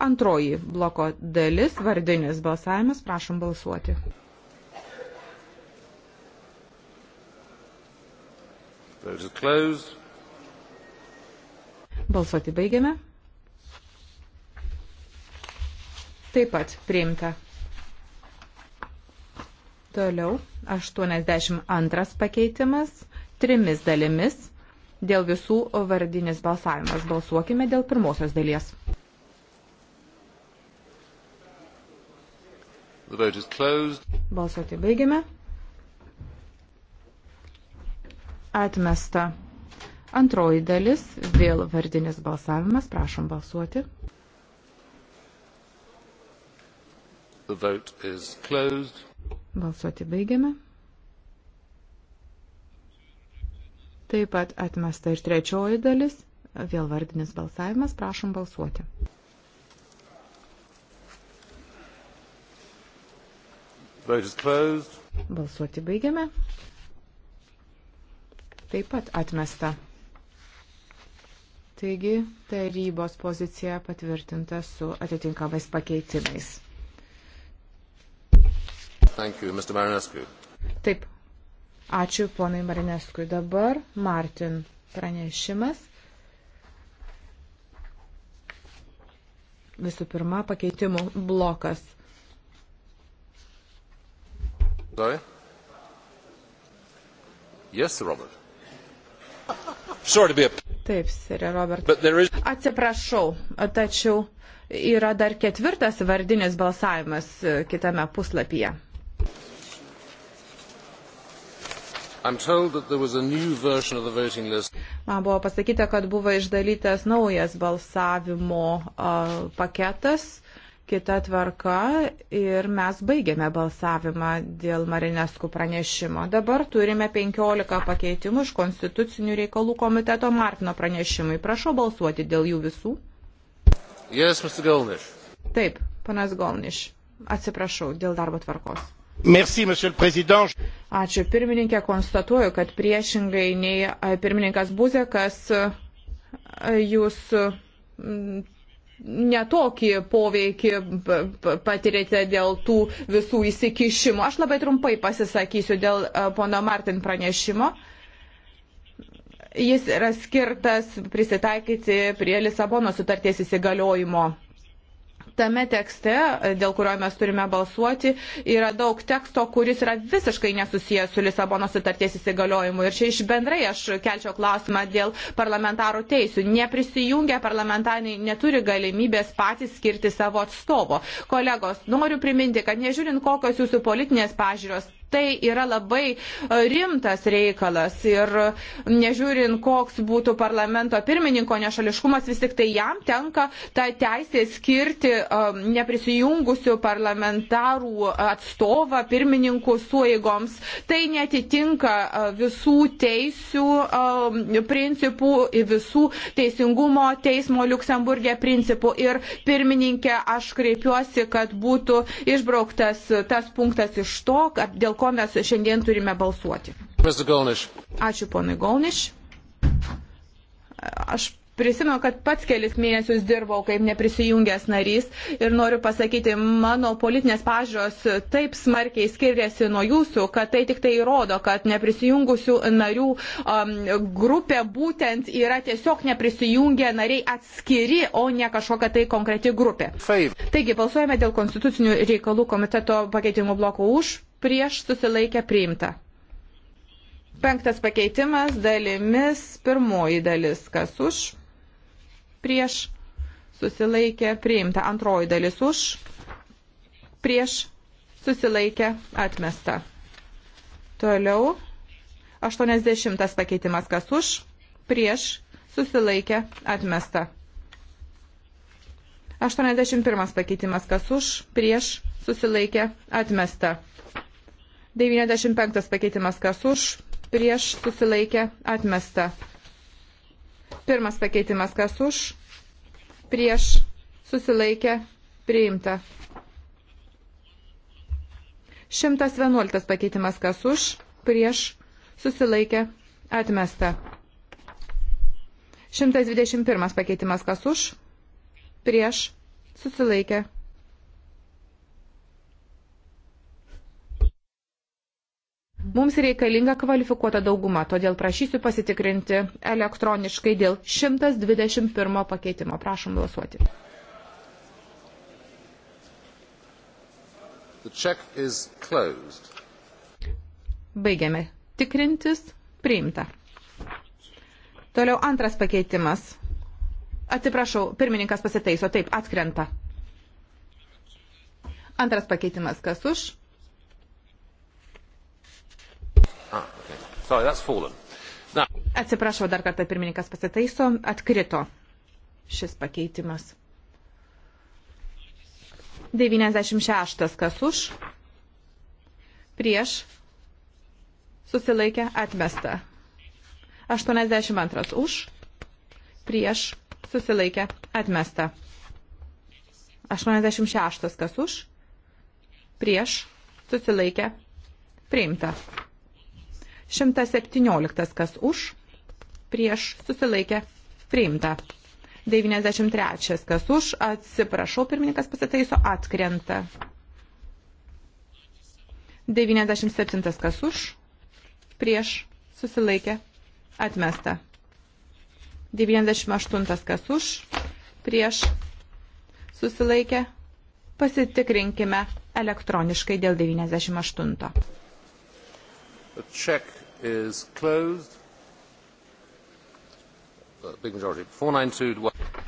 Antroji bloko dalis, vardinis balsavimas, prašom balsuoti. Balsuoti baigiame. Taip pat priimta. Toliau 82 pakeitimas trimis dalimis. Dėl visų vardinis balsavimas. Balsuokime dėl pirmosios dalies. Balsuoti baigiame. Atmesta. Antroji dalis, vėl vardinis balsavimas, prašom balsuoti. Balsuoti baigiame. Taip pat atmesta ir trečioji dalis, vėl vardinis balsavimas, prašom balsuoti. Balsuoti baigiame. Taip pat atmesta. Taigi tarybos pozicija patvirtinta su atitinkamais pakeitimais. Thank you, Mr. Marinescu. Taip. Ačiū ponui Marineskui. Dabar Martin pranešimas. Visų pirma, pakeitimų blokas. Sorry? Yes, Robert. Sorry to be a... Taip, sirė Robert. Is... Atsiprašau, tačiau yra dar ketvirtas vardinis balsavimas e, kitame puslapyje. Man buvo pasakyta, kad buvo išdalytas naujas balsavimo uh, paketas. Uh, kita tvarka ir mes baigėme balsavimą dėl Marineskų pranešimo. Dabar turime 15 pakeitimų iš Konstitucinių reikalų komiteto Martino pranešimui. Prašau balsuoti dėl jų visų. Yes, Mr. Golnish. Taip, panas Golniš. Atsiprašau dėl darbo tvarkos. Merci, Ačiū pirmininkė, konstatuoju, kad priešingai nei pirmininkas Buzekas, jūs netokį poveikį patirėte dėl tų visų įsikišimų. Aš labai trumpai pasisakysiu dėl e, pono Martin pranešimo. Jis yra skirtas prisitaikyti prie Lisabono sutarties įsigaliojimo tame tekste, dėl kurio mes turime balsuoti, yra daug teksto, kuris yra visiškai nesusijęs su Lisabono sutarties įsigaliojimu. Ir čia iš bendrai aš kelčiau klausimą dėl parlamentarų teisų. Neprisijungę parlamentarai neturi galimybės patys skirti savo atstovo. Kolegos, noriu priminti, kad nežiūrint kokios jūsų politinės pažiūros, tai yra labai e, rimtas reikalas ir nežiūrint, koks būtų parlamento pirmininko nešališkumas, vis tik tai jam tenka tą teisę skirti e, neprisijungusių parlamentarų atstovą pirmininkų suėgoms. Tai netitinka e, visų teisių principų, visų teisingumo teismo Luksemburgė principų. Ir pirmininkė, aš kreipiuosi, kad būtų išbrauktas tas punktas iš to, dėl ko ko mes šiandien turime balsuoti. Ačiū ponui Golniš. Aš prisimenu, kad pats kelis mėnesius dirbau kaip neprisijungęs narys ir noriu pasakyti, mano politinės pažiūros taip smarkiai skiriasi nuo jūsų, kad tai tik tai įrodo, kad neprisijungusių narių um, grupė būtent yra tiesiog neprisijungę nariai atskiri, o ne kažkokia tai konkreti grupė. Taip. Taigi balsuojame dėl konstitucinių reikalų komiteto pakeitimų bloko už, prieš susilaikę priimta. Penktas pakeitimas dalimis, pirmoji dalis, kas už, prieš susilaikę priimta, antroji dalis už, prieš susilaikę atmesta. Toliau 80 pakeitimas, kas už, prieš susilaikę atmesta. 81 pakeitimas, kas už, prieš susilaikę atmesta. 95 pakeitimas kas už, prieš susilaikė atmesta. Pirmas pakeitimas kas už, prieš susilaikė priimta. 111 pakeitimas kas už, prieš susilaikė atmesta. 121 pakeitimas kas už, prieš susilaikė Mums reikalinga kvalifikuota dauguma, todėl prašysiu pasitikrinti elektroniškai dėl 121 pakeitimo. Prašom balsuoti. Baigiame tikrintis. Priimta. Toliau antras pakeitimas. Atsiprašau, pirmininkas pasitaiso. Taip, atkrenta. Antras pakeitimas. Kas už? Sorry, that's fallen. Now. Atsiprašau, dar kartą pirmininkas pasitaiso, atkrito šis pakeitimas. 96 kas už, prieš, susilaikė, atmesta. 82 už, prieš, susilaikė, atmesta. 86 kas už, prieš, susilaikė, priimta. 117 kas už, prieš susilaikė priimta. 93 kas už, atsiprašau, pirmininkas pasitaiso, atkrenta. 97 kas už, prieš susilaikė atmesta. 98 kas už, prieš susilaikė. Pasitikrinkime elektroniškai dėl 98. The check is closed. Big majority. 492 to 1.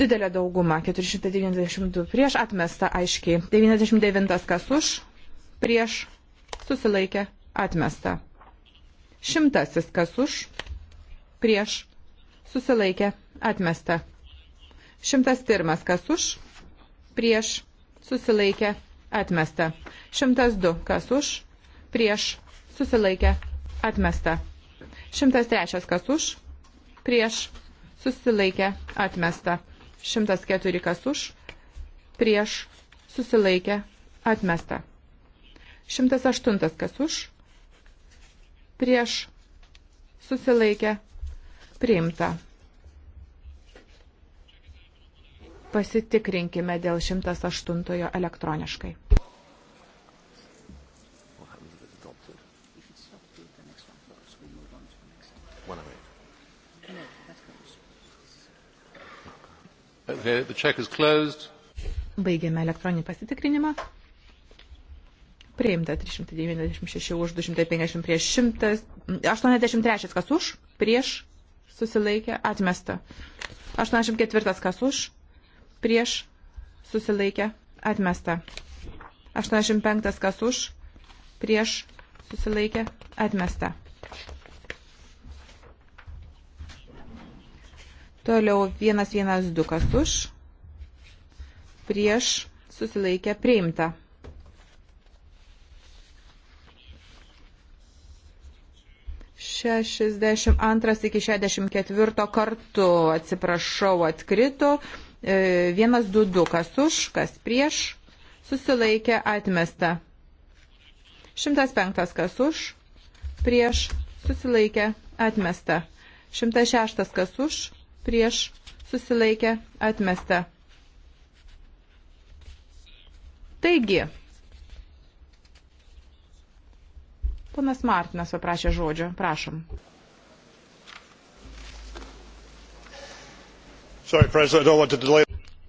Didelė dauguma, 492 prieš, atmesta aiškiai. 99 kas už, prieš, susilaikė, atmesta. Šimtasis kas už, prieš, susilaikė, atmesta. Šimtas pirmas kas už, prieš, susilaikė, atmesta. Šimtas du kas už, prieš, susilaikė, atmesta. 103 kas už, prieš, susilaikė, atmesta. 104 kas už, prieš, susilaikė, atmesta. 108 kas už, prieš, susilaikė, priimta. Pasitikrinkime dėl 108 elektroniškai. Okay, the check is closed. Baigėme elektroninį pasitikrinimą. Priimta 396 už 250 prieš 100. 83 kas už, prieš susilaikė, atmesta. 84 kas už, prieš susilaikė, atmesta. 85 kas už, prieš susilaikė, atmesta. Toliau 112 kas už, prieš susilaikę priimta. Šešisdešimt antras iki šešdešimt ketvirto kartu, atsiprašau, atkrito. E, vienas du du, kas už, kas prieš, susilaikė atmesta. Šimtas penktas, kas už, prieš, susilaikė atmesta. Šimtas šeštas, kas už, prieš susilaikę atmesta. Taigi, ponas Martinas paprašė žodžio, prašom. Sorry, President, I don't want to delay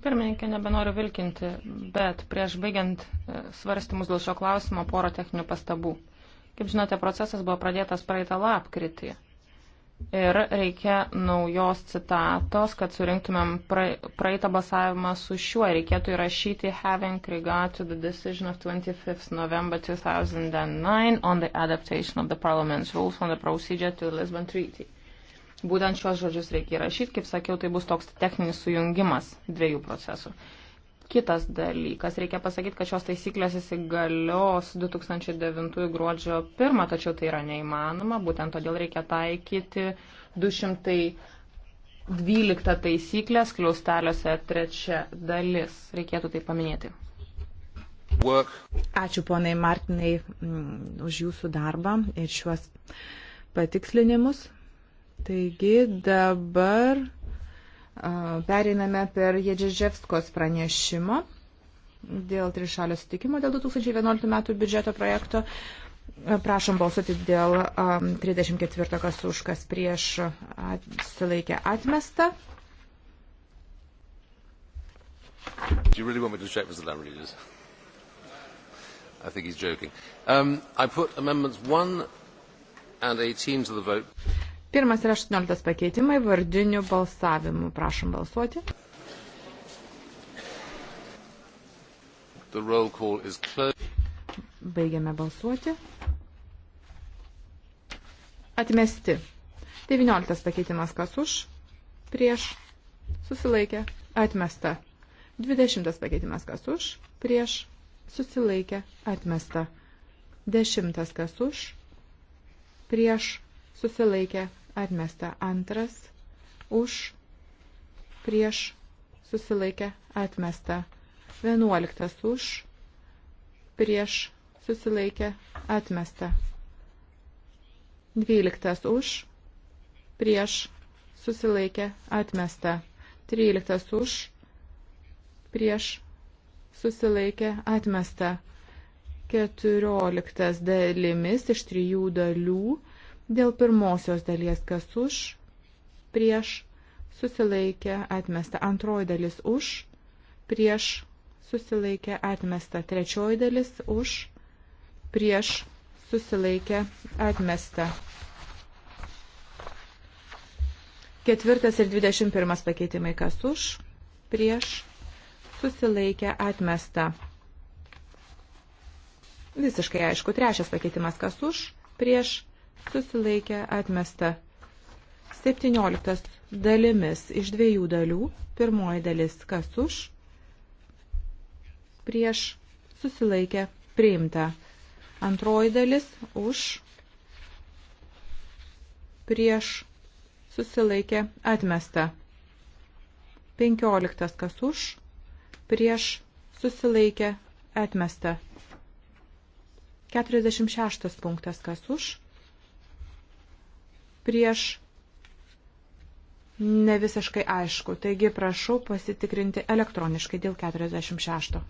pirmininkė, nebenoriu vilkinti, bet prieš baigiant e, svarstymus dėl šio klausimo porą techninių pastabų. Kaip žinote, procesas buvo pradėtas praeitą lapkritį. Ir reikia naujos citatos, kad surinktumėm praeitą balsavimą su šiuo. Reikėtų įrašyti having regard to the decision of 25 November 2009 on the adaptation of the parliament's rules on the procedure to the Lisbon Treaty. Būtent šios žodžius reikia įrašyti, kaip sakiau, tai bus toks techninis sujungimas dviejų procesų. Kitas dalykas, reikia pasakyti, kad šios taisyklės įsigalios 2009 gruodžio 1, tačiau tai yra neįmanoma, būtent todėl reikia taikyti 212 taisyklės kliausteliuose trečia dalis. Reikėtų tai paminėti. Work. Ačiū ponai Martinai m, mm, už jūsų darbą ir šiuos patikslinimus. Taigi dabar Pereiname per Jedžeževskos pranešimą dėl trišalio sutikimo dėl 2011 metų biudžeto projekto. Prašom balsuoti dėl 34 kas už, kas prieš atsilaikę atmestą. Do you really want me to check for the land readers? I think he's joking. Um, I put amendments 1 and 18 to the vote. Pirmas ir 18 pakeitimai vardiniu balsavimu. Prašom balsuoti. Baigiame balsuoti. Atmesti. 19 pakeitimas kas už, prieš, susilaikė, atmesta. 20 pakeitimas kas už, prieš, susilaikė, atmesta. 10 kas už, prieš, susilaikė, atmesta. Antras už prieš susilaikę atmesta. Vienuoliktas už prieš susilaikę atmesta. Dvyliktas už prieš susilaikę atmesta. Tryliktas už prieš susilaikę atmesta. Keturioliktas dalimis iš trijų dalių Dėl pirmosios dalies kas už, prieš, susilaikė, atmesta. Antroji dalis už, prieš, susilaikė, atmesta. Trečioji dalis už, prieš, susilaikė, atmesta. Ketvirtas ir dvidešimt pirmas pakeitimai kas už, prieš, susilaikę, atmesta. Visiškai aišku, trečias pakeitimas kas už, prieš, susilaikė atmesta. 17 dalimis iš dviejų dalių. Pirmoji dalis kas už, prieš susilaikė priimta. Antroji dalis už, prieš susilaikė atmesta. 15 kas už, prieš susilaikė atmesta. 46 punktas kas už, prieš ne visiškai aišku. Taigi prašau pasitikrinti elektroniškai dėl 46.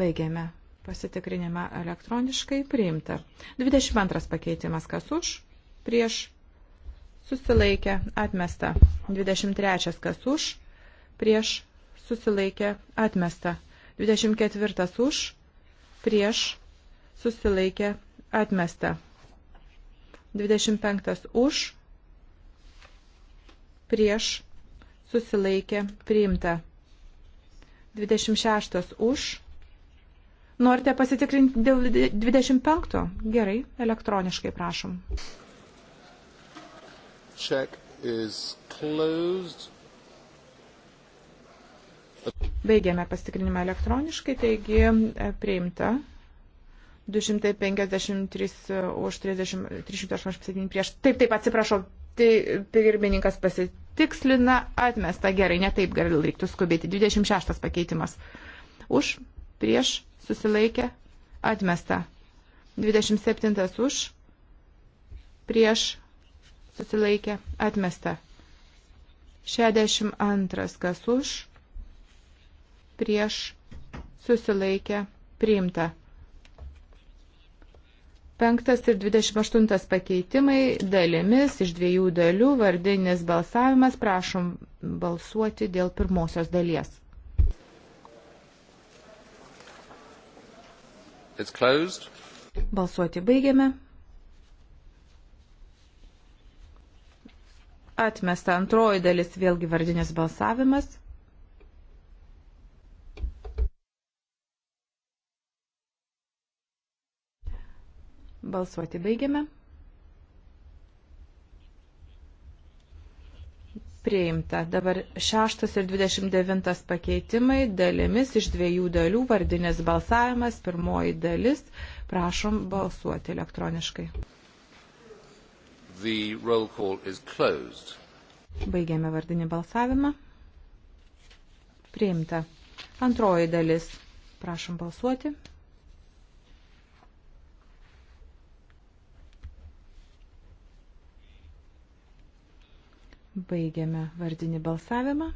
Baigiame pasitikrinimą elektroniškai priimta. 22 pakeitimas kas už, prieš, susilaikė, atmesta. 23 kas už, prieš, susilaikė, atmesta. 24 už, prieš, susilaikė atmesta. 25 už, prieš, susilaikė priimta. 26 už. Norite pasitikrinti dėl 25? Gerai, elektroniškai prašom. Check is closed. Baigėme pasitikrinimą elektroniškai, taigi e, priimta 253 e, už 30, 387 prieš. Taip, taip, atsiprašau, tai pirmininkas pasitikslina, atmesta gerai, ne taip gerai reiktų skubėti. 26 pakeitimas. Už, prieš, susilaikė, atmesta. 27 už, prieš, susilaikė, atmesta. 62 kas už, prieš, susilaikė, priimta. 5 ir 28 pakeitimai dalimis iš dviejų dalių vardinis balsavimas. Prašom balsuoti dėl pirmosios dalies. Balsuoti baigiame. Atmesta antroji dalis vėlgi vardinis balsavimas. Balsuoti baigiame. Priimta. Dabar šeštas ir dvidešimt devintas pakeitimai dalimis iš dviejų dalių vardinis balsavimas. Pirmoji dalis. Prašom balsuoti elektroniškai. Baigiame vardinį balsavimą. Priimta. Antroji dalis. Prašom balsuoti. Baigiame vardinį balsavimą.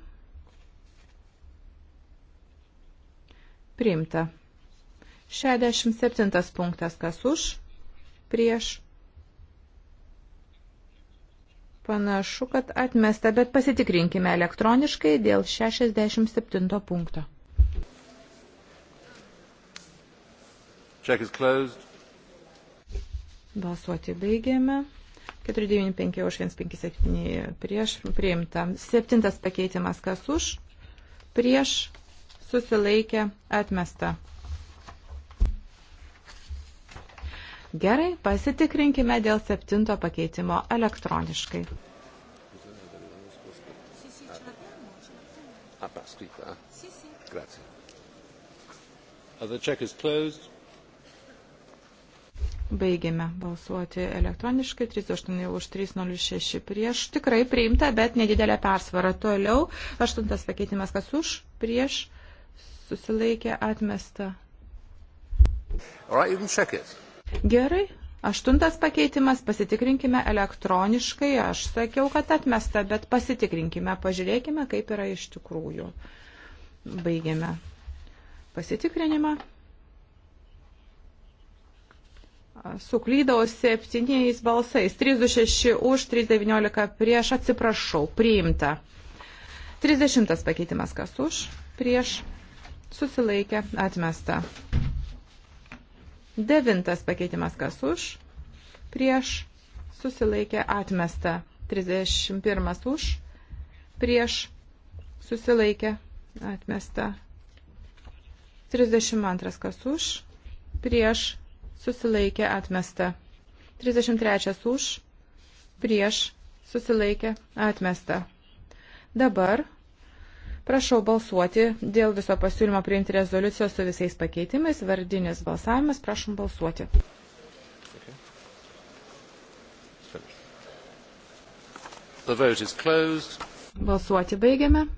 Priimta. 67 punktas kas už, prieš. Panašu, kad atmesta, bet pasitikrinkime elektroniškai dėl 67 punkto. Balsuoti baigėme. 495 už 157 prieš priimta. Septintas pakeitimas kas už, prieš susilaikė atmesta. Gerai, pasitikrinkime dėl septinto pakeitimo elektroniškai. Ah, pas, qui, ah. Grazie. Uh, the check is closed. Baigėme balsuoti elektroniškai 38 už 306 prieš. Tikrai priimta, bet nedidelė persvara. Toliau aštuntas pakeitimas, kas už, prieš, susilaikė, atmesta. Gerai. Aštuntas pakeitimas, pasitikrinkime elektroniškai. Aš sakiau, kad atmesta, bet pasitikrinkime, pažiūrėkime, kaip yra iš tikrųjų. Baigėme pasitikrinimą. Suklydau septyniais balsais. 36 už, 319 prieš. Atsiprašau, priimta. 30 pakeitimas kas už, prieš. Susilaikė, atmesta. Devintas pakeitimas kas už, prieš. Susilaikė, atmesta. 31 už, prieš. Susilaikė, atmesta. 32 kas už, prieš susilaikė atmesta. 33 už, prieš, susilaikė atmesta. Dabar prašau balsuoti dėl viso pasiūlymo priimti rezoliucijos su visais pakeitimais. Vardinis balsavimas, prašom balsuoti. Balsuoti baigiame.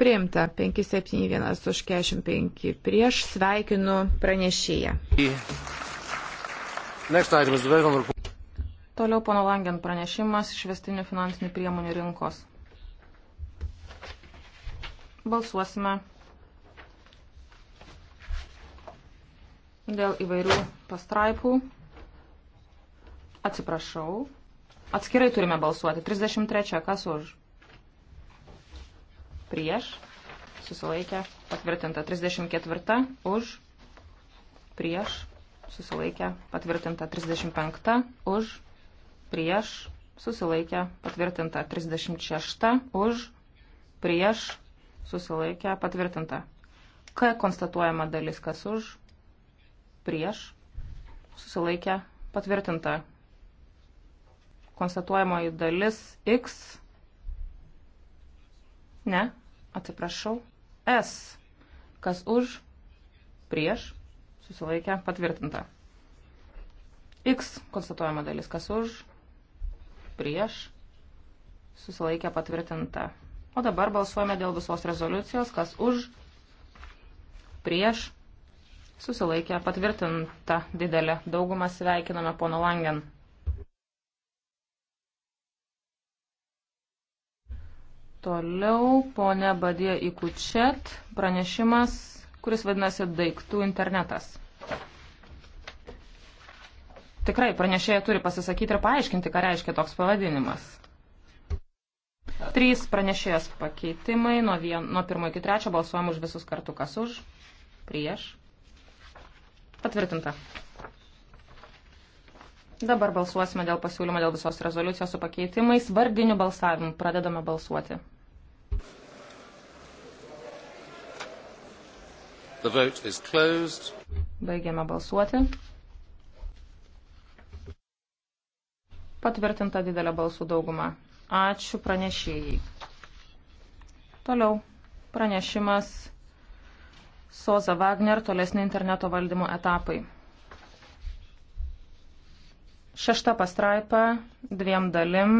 Priimta 571 už 45 prieš. Sveikinu pranešėją. Toliau pono Langen pranešimas išvestinių finansinių priemonių rinkos. Balsuosime dėl įvairių pastraipų. Atsiprašau. Atskirai turime balsuoti. 33. Kas už? prieš, susilaikę, patvirtinta. 34 už, prieš, susilaikę, patvirtinta. 35 už, prieš, susilaikę, patvirtinta. 36 už, prieš, susilaikę, patvirtinta. K konstatuojama dalis, kas už, prieš, susilaikę, patvirtinta. Konstatuojamoji dalis X. Ne atsiprašau, S. Kas už, prieš, susilaikė, patvirtinta. X konstatuojama dalis, kas už, prieš, susilaikė, patvirtinta. O dabar balsuojame dėl visos rezoliucijos, kas už, prieš, susilaikė, patvirtinta didelė daugumą sveikiname pono Langen. Toliau ponia Badė Ikučet pranešimas, kuris vadinasi daiktų internetas. Tikrai pranešėja turi pasisakyti ir paaiškinti, ką reiškia toks pavadinimas. Trys pranešėjas pakeitimai nuo, vien, nuo pirmo iki trečio balsuojam už visus kartu, kas už, prieš. Patvirtinta. Dabar balsuosime dėl pasiūlymo dėl visos rezoliucijos su pakeitimais. Vardiniu balsavimu pradedame balsuoti. Baigiame balsuoti. Patvirtinta didelė balsų dauguma. Ačiū pranešėjai. Toliau pranešimas Soza Wagner tolesni interneto valdymo etapai. Šešta pastraipa dviem dalim.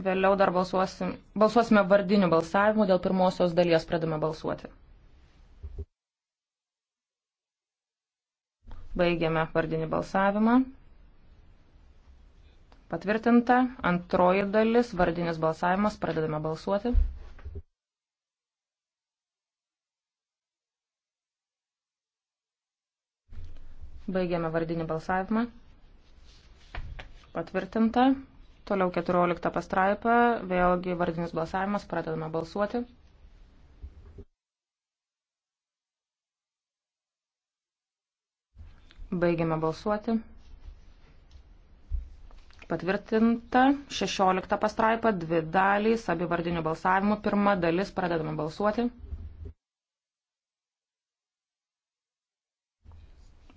Vėliau dar balsuosim, balsuosime vardiniu balsavimu, dėl pirmosios dalies pradame balsuoti. Baigiame vardinį balsavimą. Patvirtinta. Antroji dalis, vardinis balsavimas, pradedame balsuoti. Baigiame vardinį balsavimą. Patvirtinta. Toliau 14 pastraipa. Vėlgi vardinis balsavimas. Pradedame balsuoti. Baigiame balsuoti. Patvirtinta 16 pastraipa, dvi dalys, abivardinių balsavimų. Pirma dalis, pradedame balsuoti.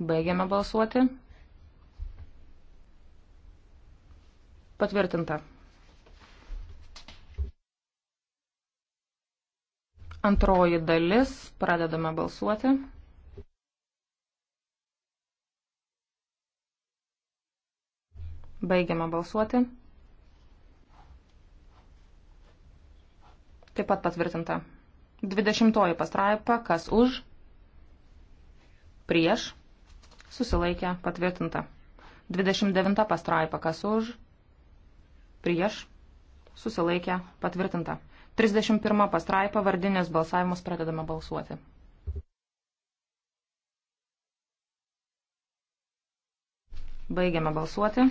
Baigiame balsuoti. Patvirtinta. Antroji dalis. Pradedame balsuoti. Baigiame balsuoti. Taip pat patvirtinta. 20 pastraipa, kas už, prieš, susilaikė patvirtinta. 29 pastraipa kas už, prieš, susilaikė patvirtinta. 31 pastraipa vardinės balsavimus pradedame balsuoti. Baigiame balsuoti.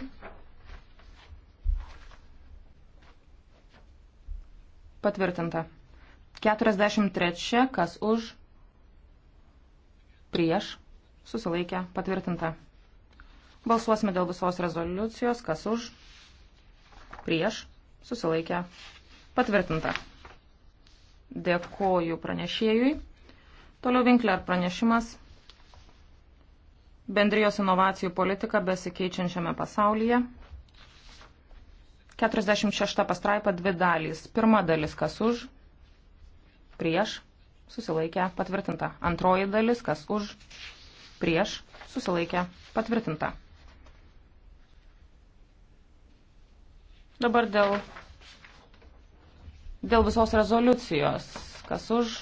Patvirtinta. 43. Kas už? Prieš susilaikė, patvirtinta. Balsuosime dėl visos rezoliucijos, kas už, prieš, susilaikė, patvirtinta. Dėkoju pranešėjui. Toliau Vinkler pranešimas. Bendrijos inovacijų politika besikeičiančiame pasaulyje. 46 pastraipa dvi dalys. Pirma dalis kas už, prieš, susilaikę, patvirtinta. Antroji dalis kas už, prieš, susilaikė, patvirtinta. Dabar dėl, dėl visos rezoliucijos, kas už,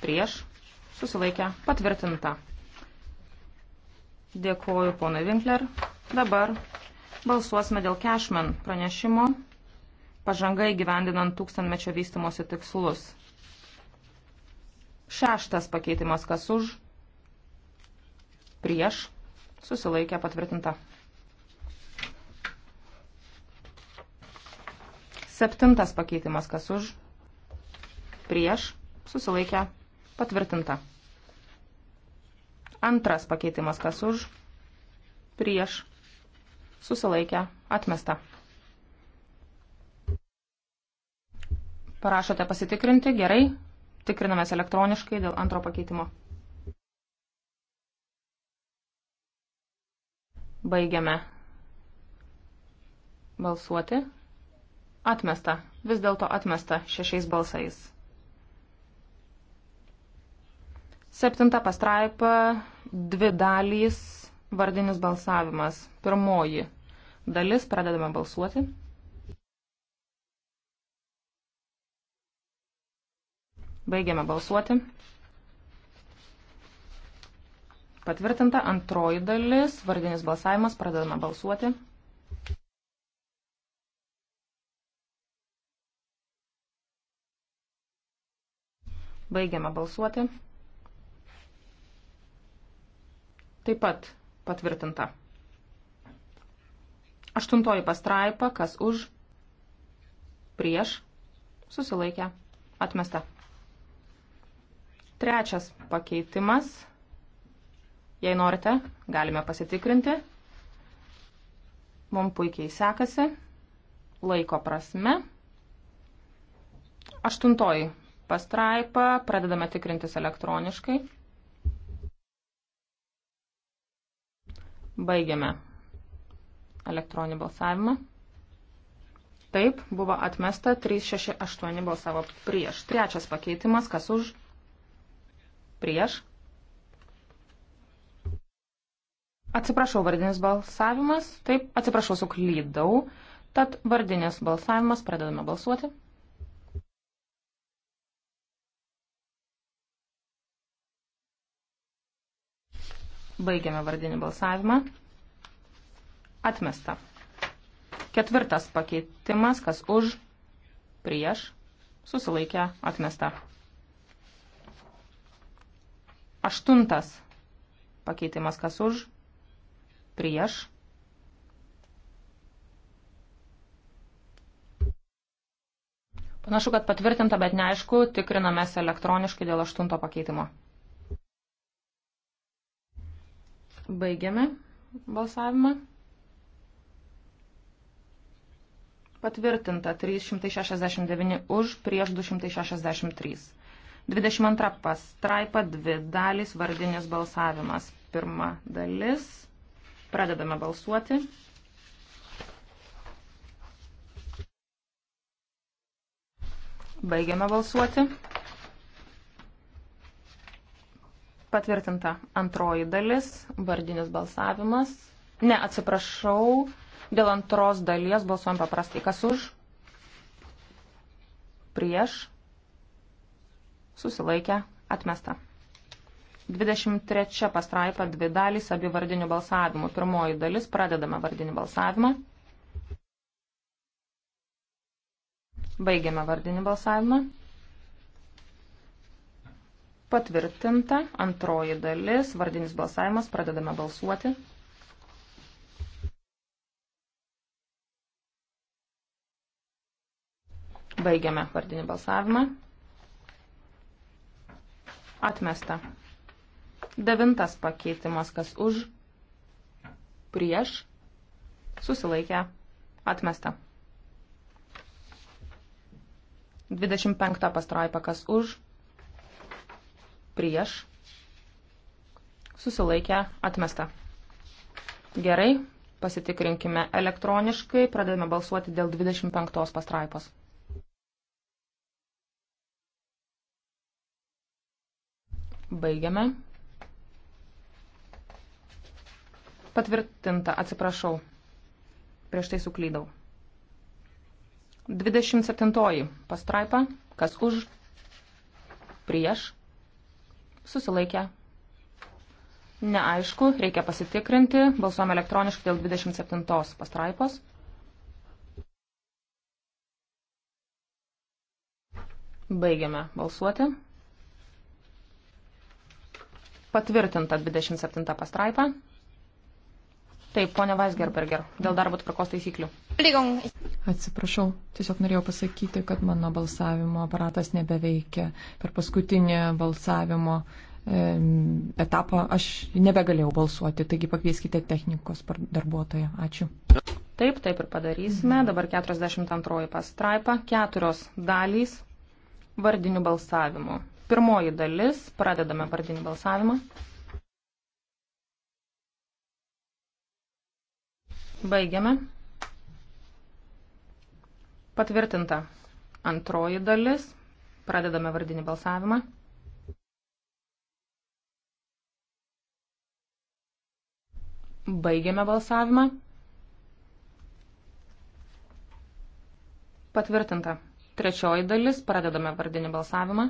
prieš, susilaikė, patvirtinta. Dėkuoju ponui Winkler. Dabar balsuosime dėl Cashman pranešimo pažanga įgyvendinant tūkstantmečio vystimosi tikslus. Šeštas pakeitimas kas už, prieš, susilaikė patvirtinta. Septintas pakeitimas, kas už, prieš, susilaikė patvirtinta. Antras pakeitimas, kas už, prieš, susilaikė atmesta. Parašote pasitikrinti, gerai, tikrinamės elektroniškai dėl antro pakeitimo. Baigiame balsuoti. Atmesta. Vis dėlto atmesta šešiais balsais. Septinta pastraipa, dvi dalys, vardinis balsavimas. Pirmoji dalis, pradedame balsuoti. Baigiame balsuoti. Patvirtinta antroji dalis, vardinis balsavimas, pradedame balsuoti. Baigiame balsuoti. Taip pat patvirtinta. Aštuntoji pastraipa, kas už, prieš, susilaikę, atmesta. Trečias pakeitimas Jei norite, galime pasitikrinti. Mums puikiai sekasi. Laiko prasme. Aštuntoji pastraipa. Pradedame tikrintis elektroniškai. Baigiame elektroninį balsavimą. Taip, buvo atmesta 368 balsavo prieš. Trečias pakeitimas, kas už? Prieš. Atsiprašau, vardinis balsavimas. Taip, atsiprašau, suklydau. Tad vardinis balsavimas, pradedame balsuoti. Baigiame vardinį balsavimą. Atmesta. Ketvirtas pakeitimas, kas už, prieš, susilaikę, atmesta. Aštuntas pakeitimas, kas už, prieš. Panašu, kad patvirtinta, bet neaišku, tikrinamės elektroniškai dėl aštunto pakeitimo. Baigiame balsavimą. Patvirtinta 369 už, prieš 263. 22 pastraipa 2 dalis vardinis balsavimas. Pirma dalis. Pradedame balsuoti. Baigiame balsuoti. Patvirtinta antroji dalis, vardinis balsavimas. Ne, atsiprašau, dėl antros dalies balsuojam paprastai. Kas už? Prieš? Susilaikę? Atmesta. 23 pastraipa dvi dalys abi vardinių balsavimų. Pirmoji dalis pradedame vardinį balsavimą. Baigiame vardinį balsavimą. Patvirtinta antroji dalis, vardinis balsavimas, pradedame balsuoti. Baigiame vardinį balsavimą. Atmesta. Devintas pakeitimas, kas už, prieš, susilaikę, atmesta. 25 pastraipa, kas už, prieš, susilaikę, atmesta. Gerai, pasitikrinkime elektroniškai, pradedame balsuoti dėl 25 pastraipos. Baigiame. Patvirtinta, atsiprašau. Prieš tai suklydau. 27 pastraipa, kas už, prieš, susilaikę. Neaišku, reikia pasitikrinti. Balsuom elektroniškai dėl 27 pastraipos. Baigiame balsuoti. Patvirtinta 27 pastraipa. Taip, ponia Weisgerberger, dėl darbo tvarkos taisyklių. Atsiprašau, tiesiog norėjau pasakyti, kad mano balsavimo aparatas nebeveikia. Per paskutinį balsavimo etapą aš nebegalėjau balsuoti, taigi pakvieskite technikos darbuotoją. Ačiū. Taip, taip ir padarysime. Dabar 42 pastraipa, keturios dalys vardinių balsavimų. Pirmoji dalis, pradedame vardinį balsavimą. Baigiame. Patvirtinta antroji dalis. Pradedame vardinį balsavimą. Baigiame balsavimą. Patvirtinta. Trečioji dalis. Pradedame vardinį balsavimą.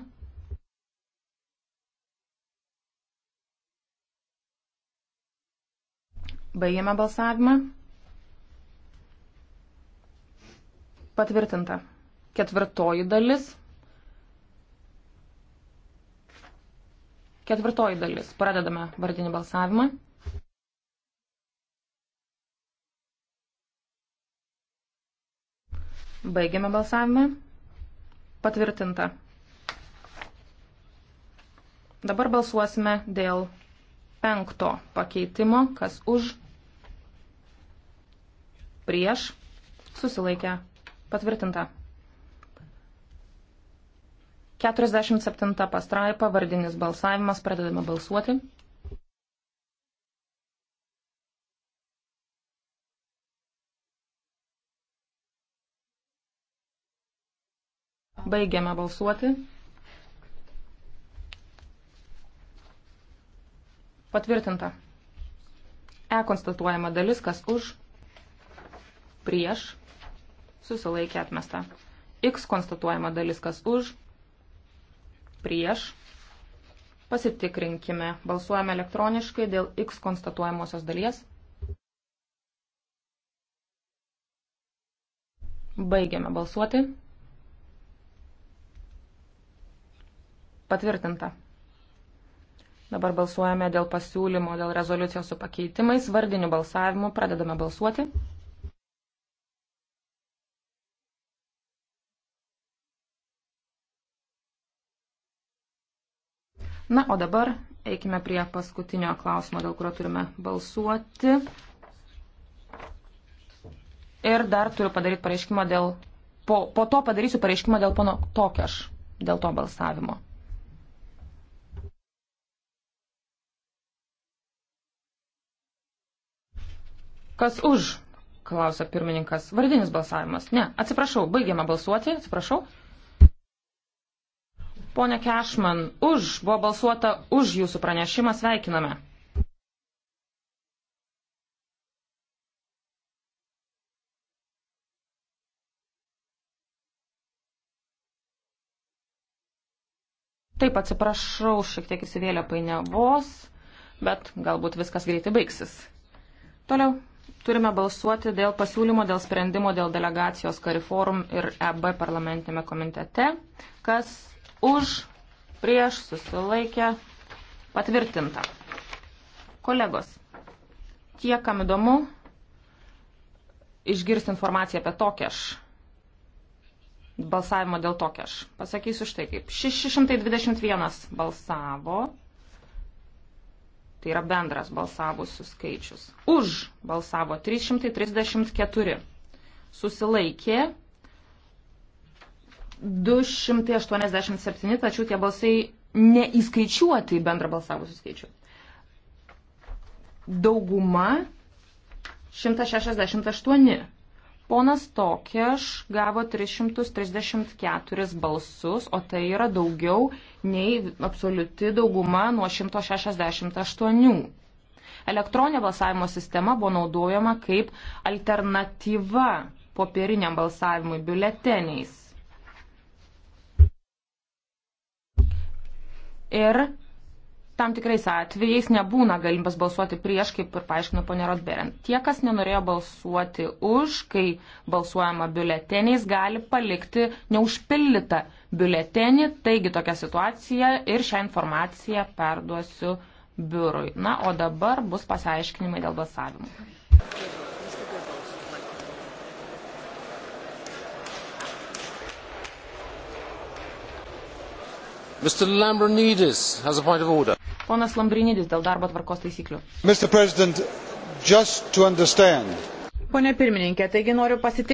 Baigiame balsavimą. Patvirtinta. Ketvirtoji dalis. Ketvirtoji dalis. Pradedame vardinį balsavimą. Baigiame balsavimą. Patvirtinta. Dabar balsuosime dėl penkto pakeitimo, kas už, prieš, susilaikę Patvirtinta. 47 pastraipa, vardinis balsavimas, pradedame balsuoti. Baigiame balsuoti. Patvirtinta. E konstatuojama dalis, kas už, prieš, susilaikė atmesta. X konstatuojama dalis kas už, prieš. Pasitikrinkime. Balsuojame elektroniškai dėl X konstatuojamosios dalies. Baigiame balsuoti. Patvirtinta. Dabar balsuojame dėl pasiūlymo, dėl rezoliucijos su pakeitimais. Vardiniu balsavimu pradedame balsuoti. Na, o dabar eikime prie paskutinio klausimo, dėl kurio turime balsuoti. Ir dar turiu padaryti pareiškimą dėl. Po, po to padarysiu pareiškimą dėl pono Tokiaš, dėl to balsavimo. Kas už? Klausia pirmininkas. Vardinis balsavimas. Ne, atsiprašau, baigiame balsuoti, atsiprašau. Pone Kešman, už, buvo balsuota už jūsų pranešimą, sveikiname. Taip, atsiprašau, šiek tiek įsivėlė painiavos, bet galbūt viskas greitai baigsis. Toliau turime balsuoti dėl pasiūlymo, dėl sprendimo, dėl delegacijos Kariforum ir EB parlamentinėme komitete. Kas už, prieš, susilaikė, patvirtinta. Kolegos, tie, kam įdomu, išgirs informaciją apie tokią aš. Balsavimo dėl tokią aš. Pasakysiu štai kaip. 621 balsavo. Tai yra bendras balsavusių skaičius. Už balsavo 334. Susilaikė 287, tačiau tie balsai neįskaičiuoti bendrą balsavusių skaičių. Dauguma 168. Ponas Tokieš gavo 334 balsus, o tai yra daugiau nei absoliuti dauguma nuo 168. Elektroninė balsavimo sistema buvo naudojama kaip alternatyva popieriniam balsavimui biuleteniais ir tam tikrais atvejais nebūna galimybės balsuoti prieš, kaip ir paaiškino ponė Rodberent. Tie, kas nenorėjo balsuoti už, kai balsuojama biuleteniais, gali palikti neužpildytą biuletenį, taigi tokia situacija ir šią informaciją perduosiu biurui. Na, o dabar bus pasiaiškinimai dėl balsavimo. Ponas Lambrinidis dėl darbo tvarkos taisyklių. Pone pirmininkė, taigi noriu pasitikrinti.